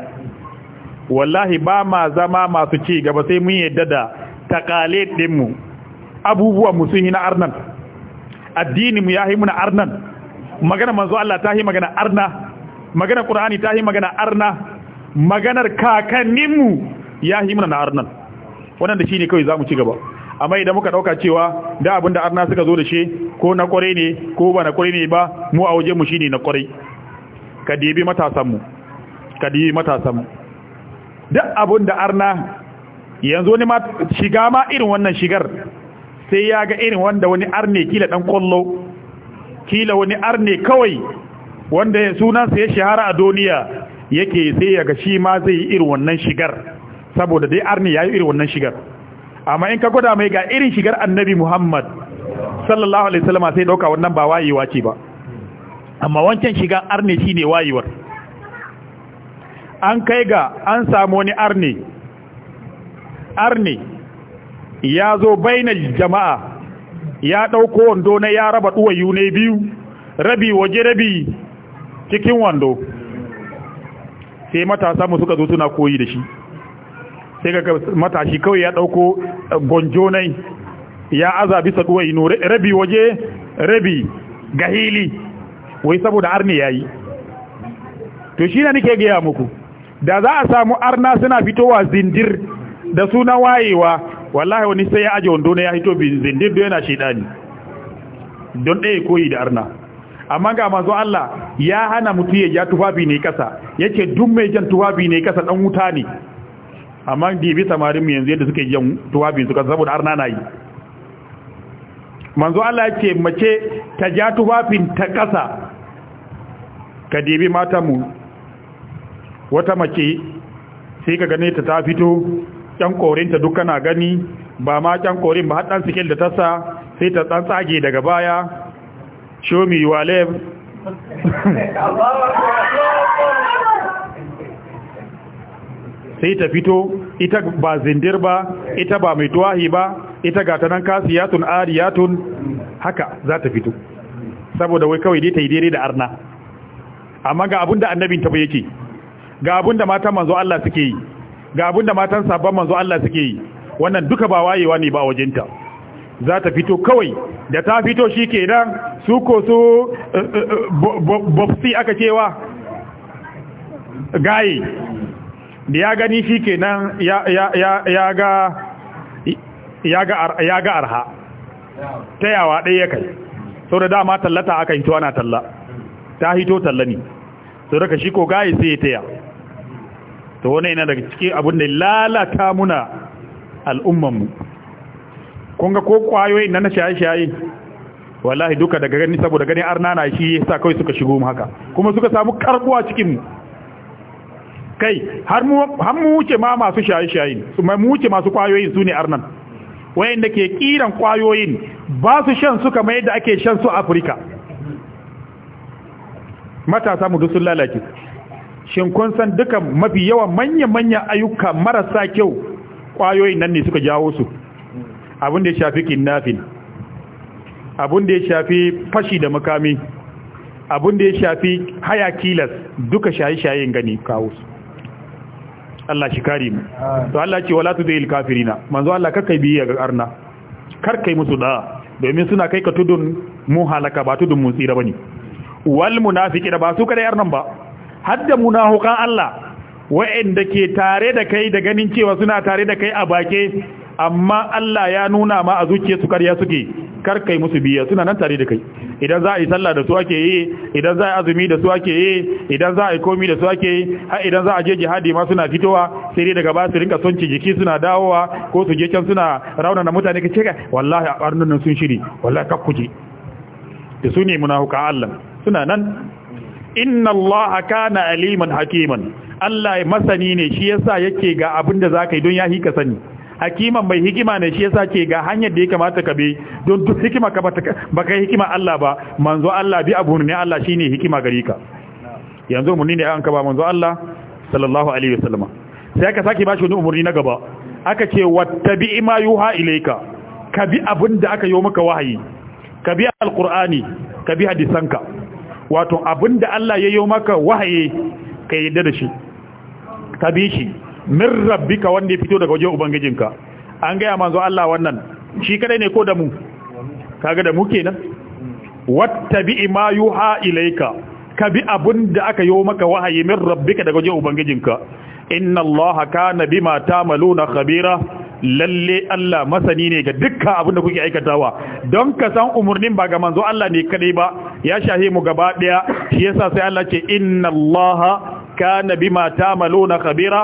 Speaker 2: wallahi ba ma zama masu ci gaba sai mun yadda da takale ɗinmu mu abubuwan mu sun yi na arnan addini mu yahi mu na arnan magana manzo Allah ta yi magana arna magana qur'ani ta yi magana arna maganar kakanninmu ya yi mana arnan wannan da shine kawai zamu ci gaba amma idan muka dauka cewa da abinda arna suka zo da shi ko na kore ne ko ba na kore ne ba mu a waje mu shine na kore ka dibi matasan mu ka dibi matasan mu duk abinda arna yanzu wani ma shiga ma irin wannan shigar sai ya ga irin wanda wani arne kila dan kollo kila wani arne kawai wanda suna sunansa ya shahara a duniya yake sai ya ga shi ma zai yi irin wannan shigar saboda dai arne ya yi irin wannan shigar amma in ka gwada mai ga irin shigar annabi muhammad sallallahu alaihi wasallam sai dauka wannan ba wayewa ce ba amma wancan shigar arne shi ne wayewar an kai ga an samu wani arne arne ya zo bainar jama'a ya ɗauko wando na ya raba ɗuwayu ne biyu rabi waje rabi cikin wando sai matasa mu suka zo suna koyi da shi sai ga matashi kawai ya ɗauko eh, gonjonai ya aza bisa ɗuwayu rabi waje rabi gahili wai saboda arni ya yi to shi na nake gaya muku da za a samu arna suna fitowa zindir da suna wayewa wallahi wani sai ya aje wando ne ya hito bi zindir da yana shedani don ɗaya koyi da arna amma ga manzo Allah ya hana mutu ya ja tufafi ne kasa yake duk mai jan tufafi ne kasa dan wuta ne amma bi samarin mu yanzu yadda suke jan tufafi su kasa saboda arna na yi manzo Allah yake mace ta ja tufafin ta kasa ka dibi mata mu wata mace sai ka gane ta ta fito kyan ta dukkan na gani ba ma kyan korin ba haɗan sikil da tasa sai ta ɗan tsage daga baya show me your lab sai ta fito ita ba zindir ba ita ba mai tuwahi ba ita ga ta nan ari yatun haka za ta fito saboda wai kawai dai ta yi daidai da arna amma ga abun da annabin ta yake ga abun da matan manzo Allah suke yi ga abinda matan sabon manzo Allah suke yi wannan duka ba wayewa ne ba wajenta za ta fito kawai da ta fito shi ke nan su ko su eh, eh, eh, bofsi aka cewa gaye da ya gani shi ke nan ya ga arha ta yawa ɗaya kai sau da dama tallata aka hito ana talla ta hito talla ne sau da ka shi ko gaye sai ya taya to wani yana daga cikin abin da lalata muna al'ummanmu kun ga ko kwayoyin na na shaye-shaye wallahi duka daga gani saboda gani na shi yasa kawai suka shigo mu haka kuma suka samu karbuwa cikin mu kai har mu wuce ma masu shaye-shaye mu wuce masu kwayoyin su ne arnan wayan da ke kiran kwayoyin ba su shan suka mai da ake shan su afirka matasa mu duk sun lalace shin kun san duka mafi yawan manya-manyan ayyuka marasa kyau kwayoyin nan ne suka jawo su abin da ya shafi kidnapping abin da ya shafi fashi da makami abin da ya shafi haya kilas duka shaye-shayen gani kawo su Allah shi kare mu to Allah ce wala tudil kafirina manzo Allah kar kai biya ga arna kai musu da domin suna kai ka tudun mu halaka ba tudun mun tsira bane wal munafiqina ba su kada arnan ba hadda munafukan Allah wa'anda ke tare da kai da ganin cewa suna tare da kai a bake amma Allah ya nuna ma a zuciya su karya suke kar kai musu biya suna nan tare da kai idan za a yi sallah da su ake yi idan za a azumi da su ake yi idan za a yi komi da su ake yi har idan za a je jihadi ma suna fitowa sai dai daga ba su rinka sonci jiki suna dawowa ko su je can suna raunana mutane ka ce wallahi a ɓarnin sun shiri wallahi kakkuje da su ne munafuka Allah suna nan inna Allah kana aliman hakiman Allah ya masani ne shi yasa yake ga abin da zaka yi don ya hika sani hakiman mai hikima ne shi yasa ke ga hanyar da ya kamata ka bi don duk hikima ka baka hikima Allah ba manzo Allah bi abu ne Allah shine hikima gari ka yanzu mun ne an ka ba manzo Allah sallallahu alaihi wasallam sai aka saki bashi wani umarni na gaba aka ce wattabi ma yuha ilayka ka bi abin da aka yi maka wahayi ka bi alqur'ani ka bi hadisanka wato abinda Allah ya yi maka wahaye ka yadda da shi ka bi shi min rabbika wanda ya fito daga wajen ubangijinka an gaya manzo Allah wannan shi kadai ne ko da mu kaga da mu kenan wattabi ma yuha ilayka ka bi abinda aka yi maka wahayi min rabbika daga wajen ubangijinka inna allaha kana bima ta'maluna khabira lalle Allah masani ne ga dukkan abin da kuke aikatawa don ka san umurnin ba ga manzo Allah ne kadai ba ya shahi mu gaba daya shi yasa sai Allah ce inna allaha kana bima ta'maluna khabira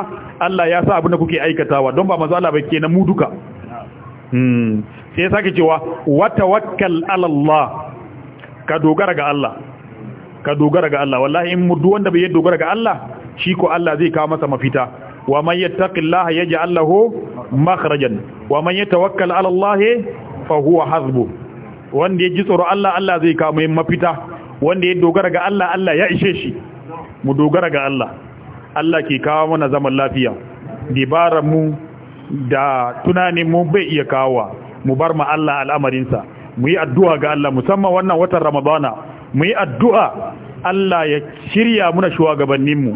Speaker 2: Allah ya sa abin da kuke aikatawa don ba manzo Allah ba kenan mu duka hmm sai sake cewa wa tawakkal ala Allah ka dogara ga Allah ka dogara ga Allah wallahi in mu duk wanda bai dogara ga Allah shi ko Allah zai kawo masa mafita wa man yattaqillaha yaj'al lahu makhrajan wa man yatawakkal ala Allah fa huwa hasbuh wanda ya ji tsoro Allah Allah zai kawo mai mafita wanda ya dogara ga Allah Allah ya ishe shi mu dogara ga Allah Allah ke kawo mana zaman lafiya dibaran mu da tunanin mu bai iya kawo mu bar ma Allah al'amarinsa mu yi addu'a ga Allah musamman wannan watan Ramadana mu yi addu'a Allah ya shirya muna mu.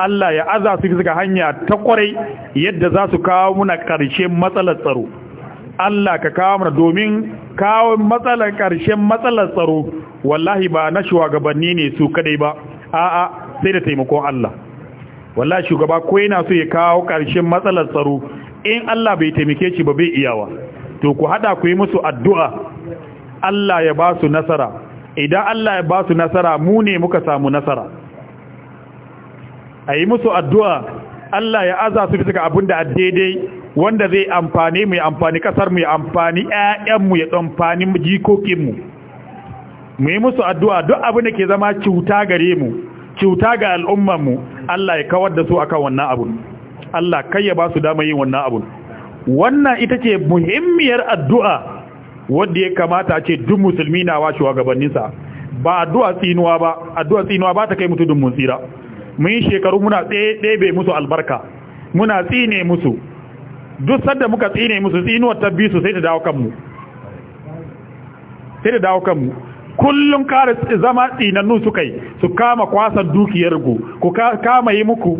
Speaker 2: Allah ya aza su suka hanya ta kwarai yadda za su kawo muna ƙarshen matsalar tsaro Allah ka kawo muna domin kawo matsalar ƙarshen matsalar tsaro wallahi ba na shugabanni ne su kadai ba a'a sai da taimakon Allah wallahi shugaba ko yana so ya kawo ƙarshen matsalar tsaro in Allah bai taimake shi ba bai iyawa to ku hada ku yi musu addu'a Allah ya ba su nasara idan Allah ya ba su nasara mu ne muka samu nasara a yi musu addu'a Allah ya aza su bisa ga abin da daidai wanda zai amfani mu amfani kasar mu amfani ƴaƴan mu ya amfani jikokin mu mu yi musu addu'a duk abin da ke zama cuta gare mu cuta ga al'ummar mu Allah ya kawar da su akan wannan abun Allah kai ya ba su dama yin wannan abun wannan ita ce muhimmiyar addu'a wanda ya kamata a ce duk musulmi na washe wa gabaninsa ba addu'a tsinuwa ba addu'a tsinuwa ba ta kai mutu dun mun tsira mun shekaru muna ɗebe musu albarka muna tsine musu duk sanda muka tsine musu tsinuwar ta sai ta dawo kanmu sai ta dawo kanmu kullum kare zama tsinannu suka yi su kama kwasan dukiyar ku ku kama yi muku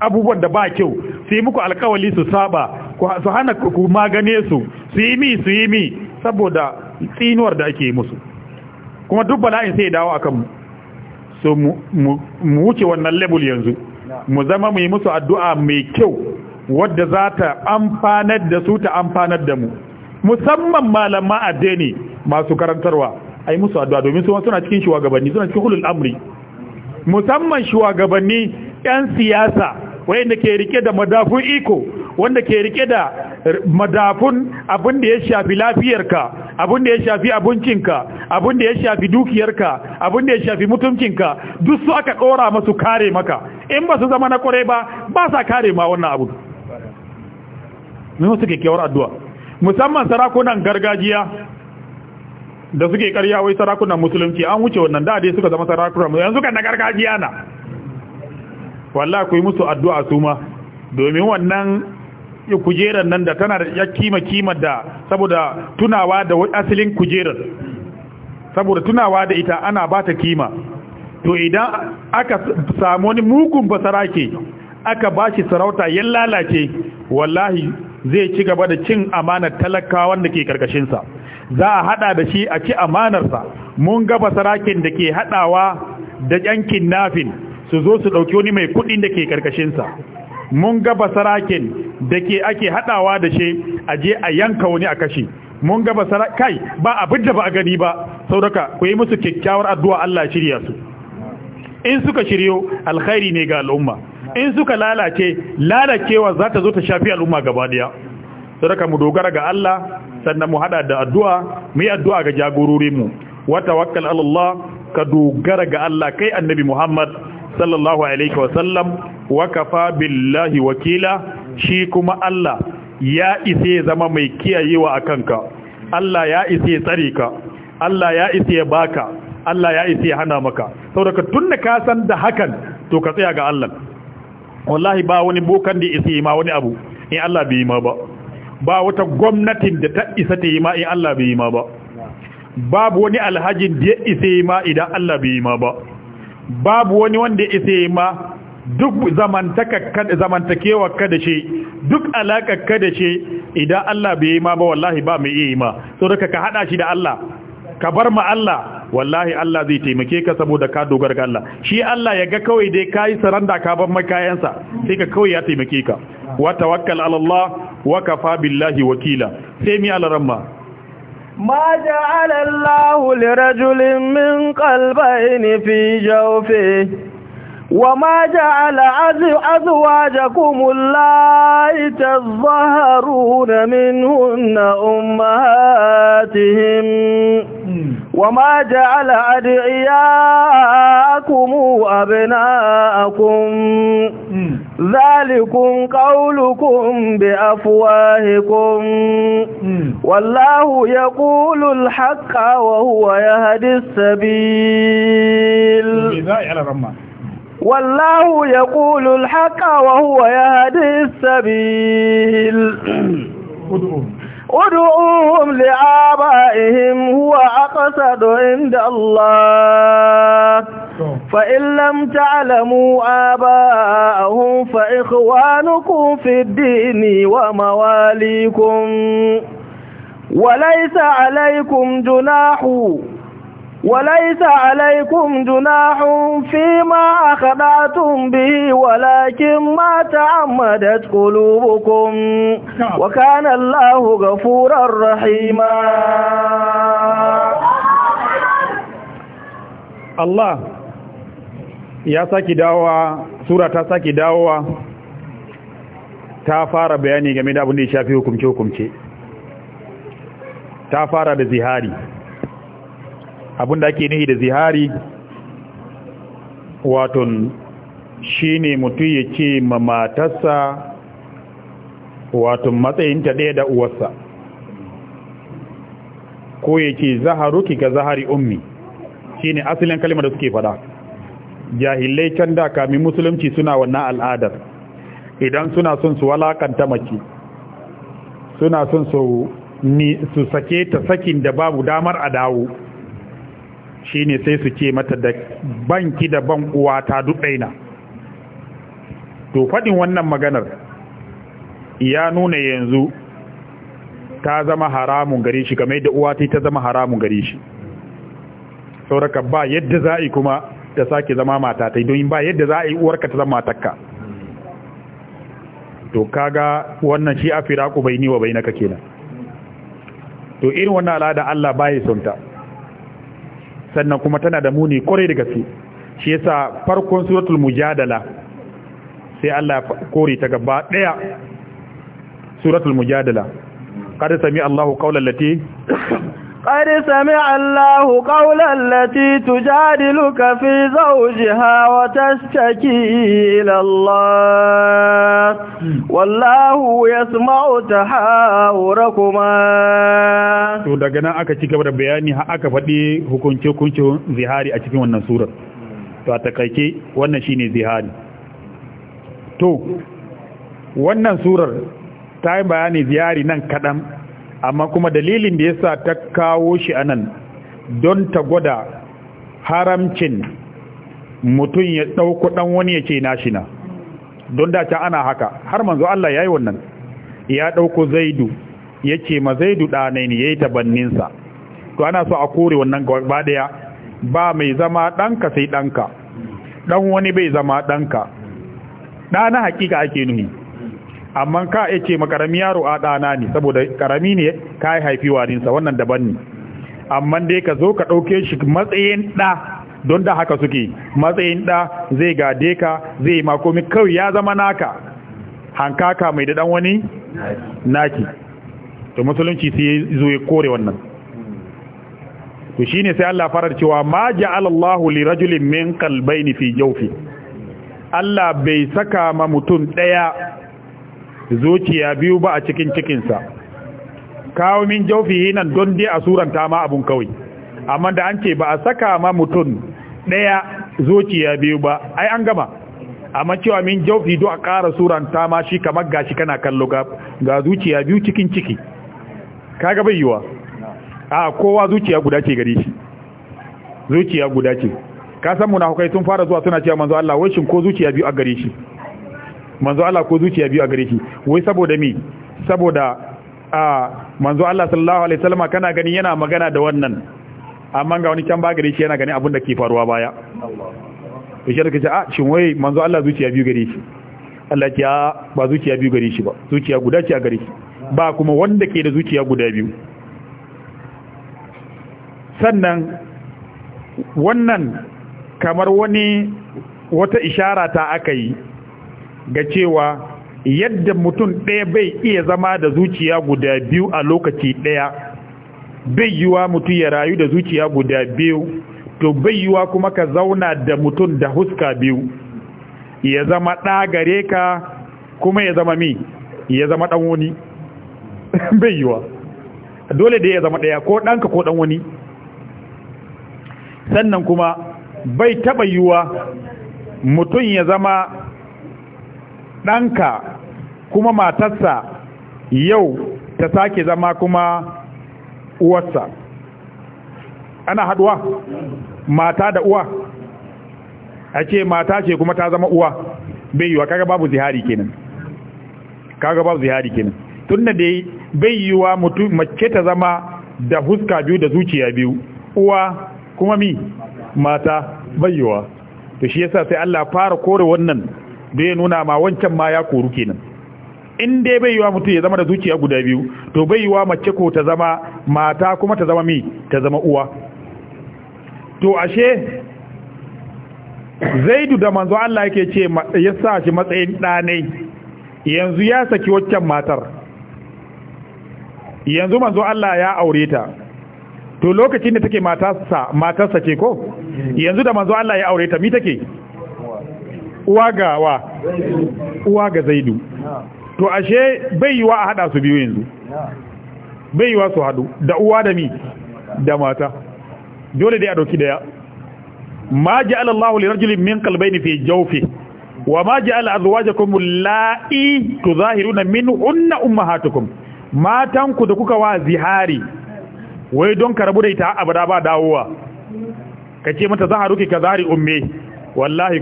Speaker 2: abubuwan da ba kyau su yi muku alkawali su saba su hana ku magane su su yi mi su yi mi saboda tsinuwar da ake yi musu kuma duk bala'in sai dawo a kanmu, su mu wuce wannan label yanzu mu zama mu yi musu addu'a mai kyau wadda za ta amfanar da su ta amfanar da mu musamman malama addini masu karantarwa ai musu addu'a domin suna cikin shugabanni suna cikin hulun amri musamman shugabanni yan siyasa wayanda ke rike da madafun iko wanda ke rike da madafun abin da ya shafi lafiyarka abin da ya shafi abincinka abin da ya shafi dukiyarka abin da ya shafi mutuncinka duk su aka ɗora masu kare maka in ba su zama na kwarai ba ba sa kare ma wannan abu mai musu kekewar addu'a musamman sarakunan gargajiya da suke karya wai sarakunan musulunci an wuce wannan da dai suka zama sarakunan musulunci, yanzu kan na gargajiya na wallahi ku yi musu addu'a su ma domin wannan kujerar nan da tana da kima kima da saboda tunawa da asalin kujerar saboda tunawa da ita ana ba ta kima to idan aka samu wani mugun basarake aka ba shi sarauta ya lalace wallahi zai ci gaba da cin amanar talakawa wanda ke karkashinsa za a hada da shi a ci amanarsa mun gaba sarakin da ke hadawa da yankin nafin su zo su dauki wani mai kudin da ke karkashinsa mun gaba sarakin da ke ake hadawa da shi a je a yanka wani a kashi mun gaba kai ba abin da ba a gani ba sauraka ku yi musu kyakkyawar addu'a Allah shirya su in suka shiryo alkhairi ne ga al'umma in suka lalace lalacewa za ta zo ta shafi al'umma gaba daya sadaka mu dogara ga Allah sannan mu hada da addu'a mu yi addu'a ga jagororin mu wa tawakkal ala Allah ka dogara ga Allah kai annabi Muhammad sallallahu alaihi wa sallam wa kafa billahi wakila shi kuma Allah ya ise zama mai kiyayewa akan ka Allah ya ise tsare ka Allah ya ise baka Allah ya ise hana maka saboda tun da ka san da hakan to ka tsaya ga Allah wallahi ba wani bokan da isa ma wani abu in Allah bai yi ma ba ba wata gwamnatin da ta isa ta yi ma in Allah bai yi ma ba babu wani alhajin da ya isa yi ma idan Allah bai yi ma ba babu wani wanda ya isa yi ma duk zamantakewa kada ce duk alaƙa kada ce idan Allah bai yi ma ba wallahi ba mai yi ma so daga ka haɗa shi da Allah ka bar ma Allah wallahi Allah zai taimake ka saboda ka dogara ga Allah shi Allah ya ga kawai dai kai saranda ka bar makayansa sai ka kawai ya taimake ka wa tawakkal ala Allah wa kafa billahi wakila sai mi alaramma
Speaker 1: ما جعل الله لرجل من قلبين fi جوفه وما جعل أزواجكم الله تظهرون منهن أمهاتهم وما جعل أدعياءكم أبناءكم ذلكم قولكم بأفواهكم والله يقول الحق وهو يهدي السبيل والله يقول الحق وهو يهدي السبيل ادعوهم لآبائهم هو أقصد عند الله فإن لم تعلموا آباءهم فإخوانكم في الدين ومواليكم وليس عليكم جناح وليس عليكم جناح فيما أخذتم به ولكن ما تعمدت قلوبكم وكان الله غفورا رحيما
Speaker 2: Allah ya saki dawowa sura ta saki dawowa ta fara bayani game da abin da ya shafi hukumce hukumce ta fara da zihari Abin da ake nihi da zihari waton shine mutum ya ce ma matarsa waton matsayinta ɗaya da uwarsa ko ya ce zaharuki ga zahari ummi shine asalin kalmar da suke fada jahilai can da kami musulunci suna wannan al'adar idan suna son su walakanta mace suna son su sake ta sakin da babu damar a dawo shine sai su ce mata da banki da ban uwata ta duɗaina to faɗin wannan maganar ya nuna yanzu ta zama haramun gare shi game da uwa ta zama haramun gare shi sauraka ba yadda za a kuma ta sake zama mata ta don ba yadda za a yi uwarka ta zama matakka to kaga wannan shi a firaku bai ni wa bai naka kenan to irin wannan al'ada Allah ba ya sonta sannan kuma tana da muni kore da gaske shi yasa farkon suratul mujadala sai Allah kore ta gaba daya suratul mujadala Kada sami Allahu qawlan lati
Speaker 1: قد سمع الله قول التي تجادلك في زوجها وتشتكي إلى الله والله
Speaker 2: يسمع تحاوركما to daga nan aka ci gaba da bayani har aka faɗi hukunce-hukuncin zihari a cikin wannan surar to a takaice wannan shi ne zihari to wannan surar ta yi bayani zihari nan kaɗan amma kuma dalilin da ya sa ta kawo shi a nan don ta gwada haramcin mutum ya ɗauko ɗan wani ya ce nashi na don da can ana haka har manzo Allah ya yi wannan ya ɗauko zaidu ya ce ma zaidu ɗanai ne ya yi tabanninsa to ana so a kore wannan gaba ɗaya ba mai zama ɗanka sai ɗanka ɗan wani bai zama ɗanka ɗana hakika ake nuhi amma ka ya ce makarami yaro a ɗana ne saboda karami ne ka yi haifi warinsa wannan daban ne amma dai ka zo ka ɗauke shi matsayin ɗa don da haka suke matsayin ɗa zai gade ka zai makomi kawai ya zama naka hankaka mai daɗan wani naki to musulunci sai zo ya kore wannan to shine sai Allah farar cewa ma ja alallahu li rajulin min kalbaini fi jawfi Allah bai saka ma mutum ɗaya. zuciya biyu ba a cikin cikinsa kawo min jaufihi nan don dai a suranta ma abun kawai amma da an ce ba a saka ma mutum ɗaya zuciya biyu ba ai an gama amma cewa min jaufi do a ƙara suranta ma shi kamar gashi kana kallo ga zuciya biyu cikin ciki kaga bai yiwa a kowa zuciya guda ce gare shi zuciya guda ce ka san munafukai sun fara zuwa suna cewa manzo Allah wai shin ko zuciya biyu a gare shi manzo Allah ko zuciya biyu a gare shi wai saboda me saboda a manzo Allah sallallahu alaihi wasallam kana gani yana magana da wannan amma ga wani can ba gare shi yana gani abin da ke faruwa baya Allah shi da a shin wai manzo Allah zuciya biyu gare shi Allah ya ba zuciya biyu gare shi ba zuciya guda ce a gare shi ba kuma wanda ke da zuciya guda biyu sannan wannan kamar wani wata ishara ta aka yi ga cewa yadda mutum ɗaya bai iya zama da zuciya guda biyu a lokaci ɗaya bai yiwa mutum ya rayu da zuciya guda biyu to bai yiwa kuma ka zauna da mutum da huska biyu ya zama ɗa gare ka kuma ya zama mi ya zama ɗan wani bai yiwa dole da ya zama ɗaya ko ɗanka ko ɗan wani sannan kuma bai taɓa yiwa mutum ya zama ɗanka kuma matarsa yau ta sake zama kuma uwarsa ana haduwa mata da uwa a ce mata ce kuma ta zama uwa bai yiwa kaga babu zihari kenan kaga babu zihari kenan da dai bai yiwa mutum mace ta zama da huska biyu da zuciya biyu uwa kuma mi mata bai yiwa to shi yasa sai Allah fara kore wannan da ya nuna ma wancan ma ya koru kenan in dai bai yiwa mutum ya zama da zuciya guda biyu to bai yiwa mace ko ta zama mata kuma ta zama mi ta zama uwa to ashe zaidu da manzo Allah yake ce ya sa shi matsayin ɗanai yanzu ya saki waccan matar yanzu manzo Allah ya aure ta to lokacin da take matarsa matarsa ce ko yanzu da manzo Allah ya aure ta mi take uwa ga wa uwa ga zaidu to ashe bai a hada su biyu yanzu bai su hadu da uwa da mi da mata dole dai a dauki daya ma ja'ala Allahu li rajulin min qalbayni fi jawfi wa ma ja'ala azwajakum la'i tuzahiruna minhunna ummahatukum matan ku da kuka wa zihari wai don ka rabu da ita abada ba dawowa kace mata zaharuki ka zahari ummi. wallahi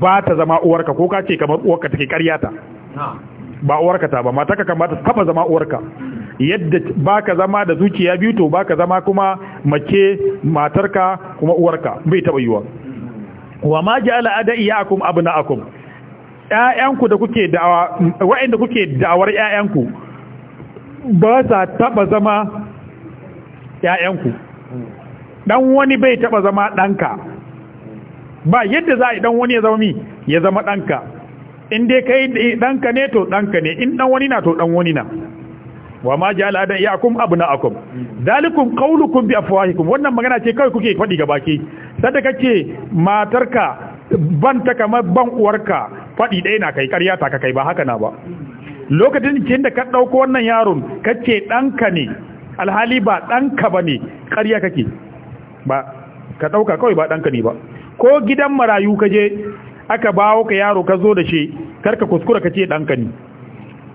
Speaker 2: ba ta zama uwarka ko ka ce kamar uwarka take ta. ba uwarka ta ba mataka ka kamar ta taba zama uwarka yadda baka zama da zuciya biyu to baka zama kuma mace matarka kuma uwarka bai taba yiwa wa ma ja'ala adaiyakum abnaakum ƴaƴanku da kuke da'awa Waɗanda kuke da'awar ƴaƴanku ba sa taba zama ƴaƴanku dan wani bai taba zama danka ba yadda za a yi dan wani ya zama mi ya zama ɗanka in dai kai ɗanka ne to ɗanka ne in ɗan wani na to ɗan wani na wa ma ja al'adan iyakum abna'akum dalikum qawlukum bi afwahikum wannan magana ce kawai kuke faɗi ga baki sadda matar matarka ban ta kamar ban uwarka faɗi ɗaya na kai ƙarya ta ka kai ba haka na ba lokacin kin da ka ɗauko wannan yaron kace ɗanka ne alhali ba ɗanka ba ne ƙarya kake ba ka ɗauka kawai ba ɗanka ne ba ko gidan marayu ka je aka bawo ka yaro ka zo da shi karka kuskura ka ce ɗanka ne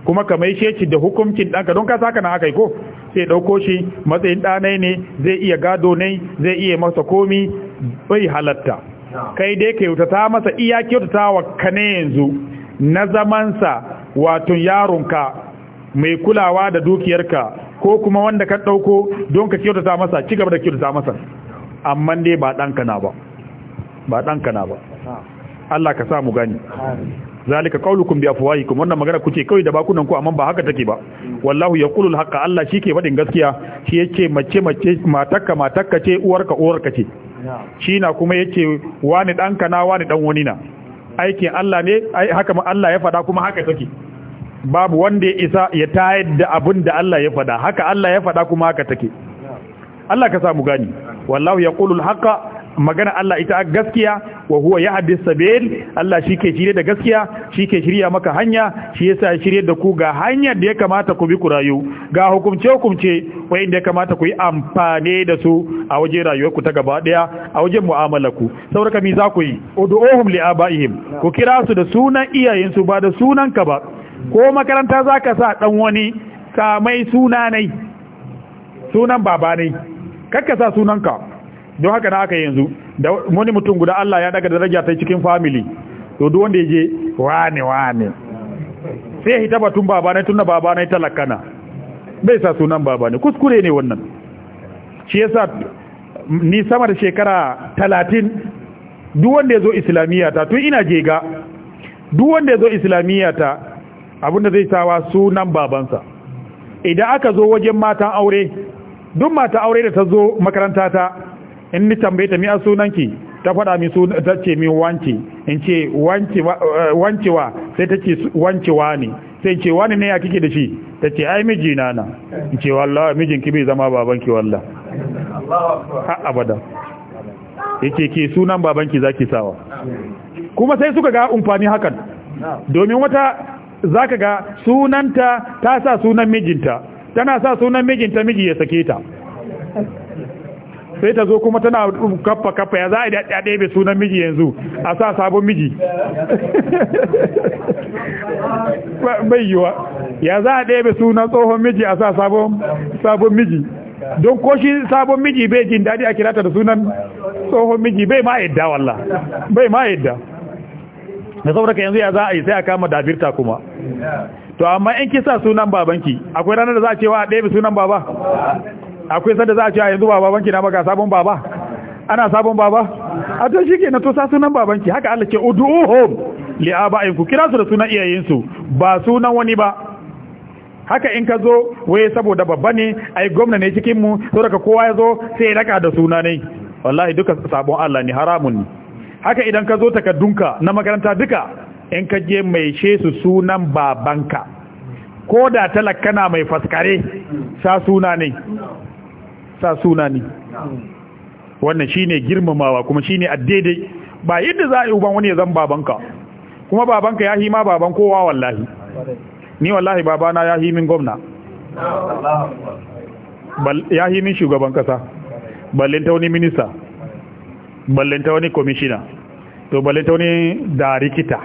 Speaker 2: kuma ka mai sheci da hukuncin ɗanka don ka saka na akai ko sai ɗauko shi matsayin ɗanai ne zai iya gado ne zai iya masa komi bai halatta kai dai ka yautata masa iya kyautata wa ka yanzu na zamansa wato yaronka mai kulawa da dukiyarka ko kuma wanda ka ɗauko don ka kyautata masa ci gaba da kyautata masa amma dai ba ɗanka na ba ba dan kana ba Allah ka sa mu gani zalika qaulukum bi afwahikum wannan magana kuke kai da bakunan ku amma ba haka take ba wallahu yaqulul haqa Allah shike fadin gaskiya shi yace mace mace matakka matakka ce uwarka uwarka ce shi na kuma yace wani danka na wani dan wani na aikin Allah ne haka ma Allah ya fada kuma haka take babu wanda ya isa ya tayar da abin da Allah ya fada haka Allah ya fada kuma haka take Allah ka sa mu gani wallahu yaqulul haqa magana Allah ita gaskiya wa huwa yahdi sabil Allah ke shirye da gaskiya shi ke shirya maka hanya shi yasa shirye da ku ga hanyar da ya kamata ku bi ku rayu ga hukumce hukumce wanda ya kamata ku yi amfani da su a wajen rayuwar ku ta gaba daya a wajen mu'amala ku saboda mi za ku yi ud'uhum li abaihim ku kira su da sunan iyayen su ba da sunan ka ba ko makaranta zaka sa ɗan wani ka mai sunanai sunan babanai kakka sa sunanka don haka na aka yanzu da wani mutum guda Allah ya daga daraja ta cikin family to duk wanda yaje wane wane sai hita batun baba ne tunna baba ne talakana bai sa sunan baba ne kuskure ne wannan shi yasa ni sama da shekara 30 duk wanda yazo islamiyya ta tun ina je ga? duk wanda yazo islamiyya ta abinda zai sawa sunan babansa idan aka zo wajen matan aure duk mata aure da ta zo makaranta ta in ni tambaye ta mi a sunanki ta faɗa mi su ta ce min wance in ce wancewa eh, sai ta ce wancewa ne sai ce wani ne ya kike da shi ta ce ai miji na na in ce wallahi mijin ki bai zama babanki wallah ha abada yake ke sunan babanki zaki sawa kuma sai suka ga umfani hakan domin wata zaka ga sunanta ta sa sunan mijinta tana sa sunan mijinta miji ya sake ta sai ta zo kuma tana kafa kafa ya za a da ɗebe sunan miji yanzu a sa sabon miji bai yiwa ya za a ɗebe sunan tsohon miji a sa sabon miji don ko shi sabon miji bai jin daɗi a kirata da sunan tsohon miji bai ma yadda wallah bai ma yadda da saboda yanzu ya za a yi sai a kama dabirta kuma to amma in kisa sunan babanki akwai ranar da za a cewa a ɗebe sunan baba akwai sanda za a ce yanzu baba banki na maka sabon baba ana sabon baba a to shi na to sa sunan babanki haka Allah ke ud'uhum li aba'inku kira su da sunan iyayensu ba sunan wani ba haka in ka zo waye saboda babba ne ai gwamna ne cikin mu to daga kowa ya zo sai ya raka da suna ne wallahi duka sabon Allah ne haramun ne haka idan ka zo takaddunka na makaranta duka in ka je mai shesu sunan babanka ko da talakana mai faskare sa suna ne sa suna ne wannan shine girmamawa kuma shine addaidai ba yadda za a yi uban wani ya zan babanka kuma babanka ya hima ma baban kowa wallahi ni wallahi babana ya himin min gwamna ya himin min shugaban kasa ballinta wani minista ballinta wani komishina to ballinta wani darikita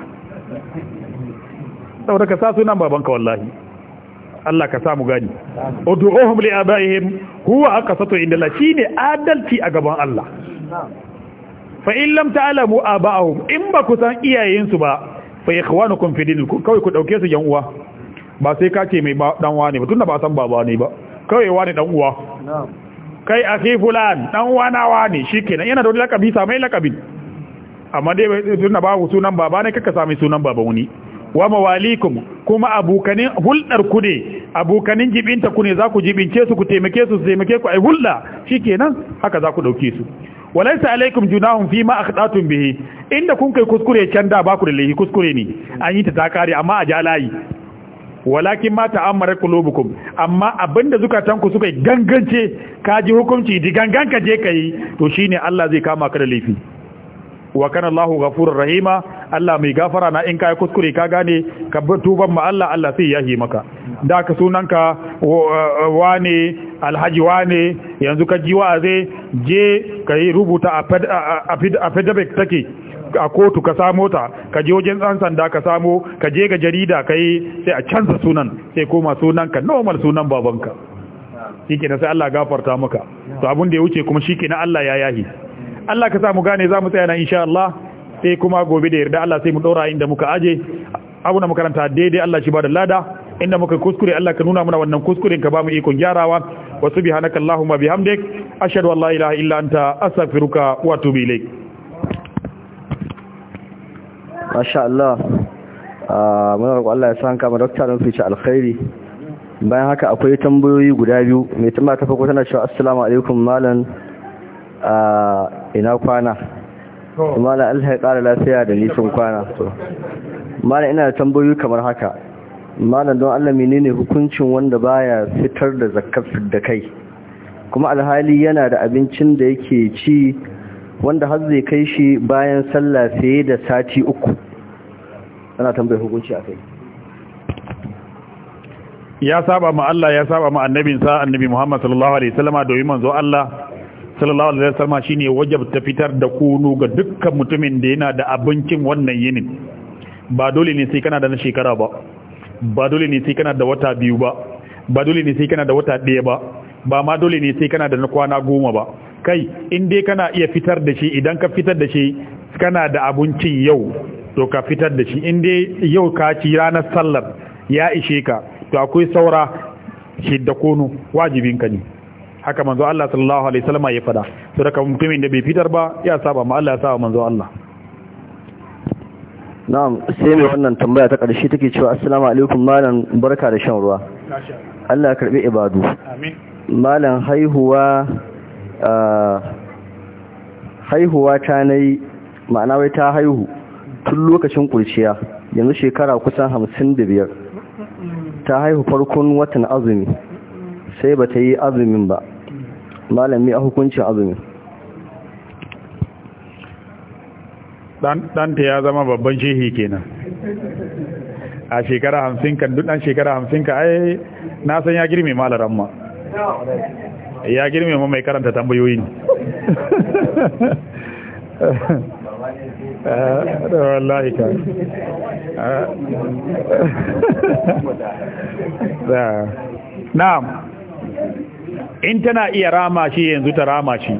Speaker 2: saboda ka sa sunan babanka wallahi Allah ka samu gani udu'uhum li abaihim huwa aqsatu inda Allah shine adalci a gaban Allah fa in lam ta'lamu aba'ahum in ba ku san iyayensu ba fa ikhwanukum fi dinikum kawai ku dauke su yan uwa ba sai ka ce mai dan wani ba tunda ba san baba ne ba kawai wani dan uwa kai akhi fulan dan wana wani shikenan yana da lakabi sai mai lakabin amma dai tunda babu sunan baba ne kaka sami sunan baba wani wa mawalikum kuma abokanin hulɗar ku ne abokanin jibinta ku ne za ku jibince su ku taimake su su taimake ku ai hulɗa shikenan haka za ku ɗauke su walaisa alaikum junahun fi ma akhdatun bihi inda kun kai kuskure can da baku da laifi kuskure ne an yi ta ta amma a ja layi walakin ma amara qulubukum amma abinda zukatan tanku suka gangance ka ji hukunci di gangan ka je kai to shine Allah zai kama ka da laifi wa kana Allahu ghafurur rahima Allah mai gafara na in kai kuskure ka gane ka tuban ma Allah Allah sai ya maka da ka sunanka wani alhaji wane yanzu ka ji wa'aze je ka rubuta a fedabek take a kotu ka samo ta ka je wajen ɗan sanda ka samo ka je ga jarida kai yi sai a canza sunan sai koma sunanka normal sunan babanka shi sai Allah gafarta maka to abin da ya wuce kuma shi na Allah ya yahi Allah ka samu gane za mu tsaya na insha Allah sai kuma gobe da yarda Allah sai mu ɗora inda muka aje abu na makaranta daidai Allah shi ba da lada inda muka kuskure Allah ka nuna mana wannan kuskuren ka ba mu ikon gyarawa wa subhanaka allahumma bihamdik ashhadu an la ilaha illa anta astaghfiruka wa atubu ilaik
Speaker 3: masha Allah ah, muna roƙon Allah ya san ka mu doctor don fice alkhairi bayan haka akwai tambayoyi guda biyu mai tambaya ta farko tana cewa assalamu alaikum malam ah, ina kwana mala Allah ya ƙara lafiya da nisan kwana to ina da tambayoyi kamar haka mana don Allah menene hukuncin wanda baya fitar da zakkar da kai kuma alhali yana da abincin da yake ci wanda har zai kai shi bayan sallah fiye da sati uku ana tambayi hukunci a kai
Speaker 2: ya saba ma Allah ya saba ma annabinsa annabi Muhammad sallallahu alaihi wasallama domin manzo Allah sallallahu alaihi wasallam shine wajabta fitar da kunu ga dukkan mutumin da yana da abincin wannan yinin ba dole ne sai kana da na shekara ba ba dole ne sai kana da wata biyu ba ba dole ne sai kana da wata ɗaya ba ba ma dole ne sai kana da na kwana goma ba kai in dai kana iya fitar da shi idan ka fitar da shi kana da abincin yau to ka fitar da shi in dai yau ka ci ranar sallar ya ishe ka to akwai saura shi da kunu wajibinka ne haka manzo Allah sallallahu alaihi wasallam ya fada to daga mutumin da bai fitar ba ya saba ma Allah ya saba manzo Allah
Speaker 3: na'am sai mai wannan tambaya ta ƙarshe take cewa assalamu alaikum malam barka da shan ruwa Allah ya karbi ibadu amin malam haihuwa haihuwa ta nayi ma'ana wai ta haihu tun lokacin kurciya yanzu shekara kusan hamsin da biyar ta haihu farkon watan azumi sai ba ta yi azumin ba malami a hukuncin
Speaker 2: azumi ɗanta ya zama babban shehi kenan a shekara hamsin kan duk ɗan shekara hamsin ka ai na san ya girme malaran ma ya girme ma mai karanta tambayoyi ne eh, da wallahi ka eh. na'am in tana iya rama shi yanzu ta rama shi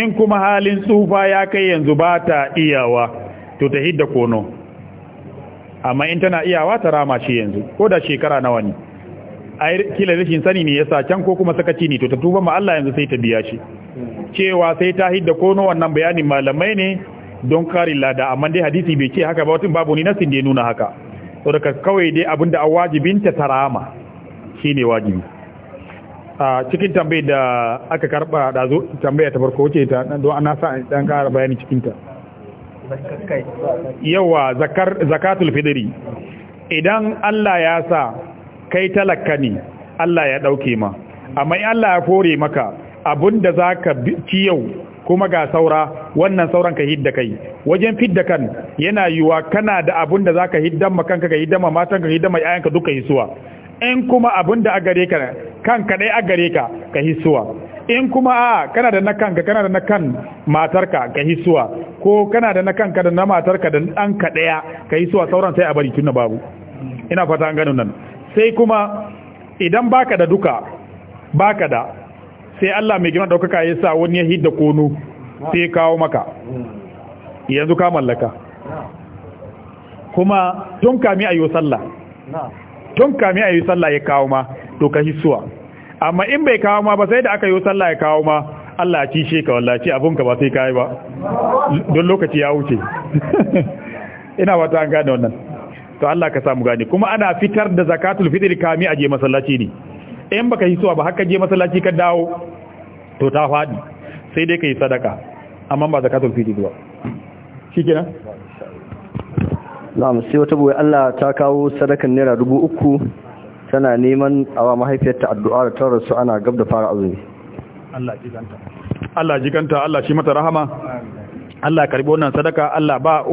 Speaker 2: in kuma halin tsufa ya kai yanzu ba ta iyawa to ta hidda kono amma in tana iyawa ta rama shi yanzu ko da shekara nawa ne ai kila rashin sani ne yasa can ko kuma sakaci ne to ta tuba ma Allah yanzu sai ta biya shi cewa sai ta hidda kono wannan bayanin malamai ne don kari lada amma dai hadisi bai ce haka ba wata babu ni nasin da ya nuna haka to daga kawai dai abinda a wajibinta ta rama shine wajibi a cikin tambayar da aka karba da zo tambaya ta farko wace ta don ana sa dan kara bayani cikin ta yawa zakar zakatul fidri idan Allah ya sa kai talakka ne Allah ya dauke ma amma in Allah ya fore maka abunda zaka ci yau kuma ga saura wannan sauran ka hidda kai wajen fidda kan yana yiwa kana da abun da zaka hiddan ma kanka ka hiddan ma ka hiddan ma yayanka duka suwa in kuma abin da a gare ka kan dai a gare ka ka hisuwa in kuma a kana da na kanka kana da na kan matarka ka hisuwa ko kana da na kanka da na matarka da ɗan kaɗaya, ka hisuwa sauran sai a bari tun babu ina fata an ganin nan sai kuma idan baka da duka baka da sai Allah mai gina daukaka ya sa wani ya hidda kono sai kawo maka yanzu ka mallaka kuma tun kami ayo sallah tun kami a yi sallah ya kawo ma to ka hisuwa amma in bai kawo ma ba sai da aka yi sallah ya kawo ma Allah ya cishe ka wallahi abun ka ba sai kai ba don lokaci ya wuce ina wata an gane wannan to Allah ka samu gane kuma ana fitar da zakatul fitr kami a je masallaci ne in baka hisuwa ba haka je masallaci ka dawo to ta fadi sai dai kai sadaka amma ba zakatul fitr ba shikenan
Speaker 3: na sai wata boye Allah ta kawo sadakan naira dubu uku tana neman awa mahaifiyarta addu'a da ta rasu ana gab da fara azumi
Speaker 2: Allah jiganta Allah jiganta Allah shi mata rahama Allah karbi wannan sadaka Allah ba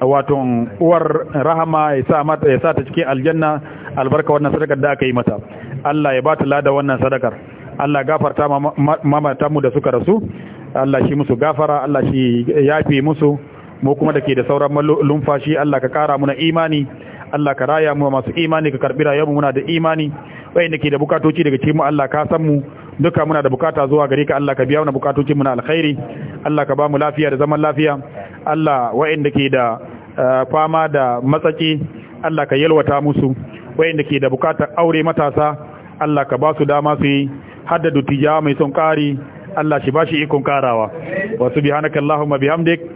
Speaker 2: wato uwar rahama ya sa mata ya sa ta cikin aljanna albarka wannan sadakar da aka yi mata Allah ya ba ta lada wannan sadakar Allah gafarta mamata mu da suka rasu Allah shi musu gafara Allah shi yafi musu mu kuma da ke da sauran lumfashi Allah ka kara muna imani Allah ka raya mu masu imani ka karbi rayuwar muna da imani wayanda ke da bukatoci daga cikin mu Allah ka san mu duka muna da bukata zuwa gare ka Allah ka biya mana bukatocin mu na alkhairi Allah ka ba mu lafiya da zaman lafiya Allah wayanda ke da eh, fama da matsaki Allah ka yalwata musu wayanda ke da bukatar aure matasa Allah ka ba su dama su yi haddadu tijawa mai son kari Allah shi ba shi ikon karawa wa subhanakallahumma bihamdik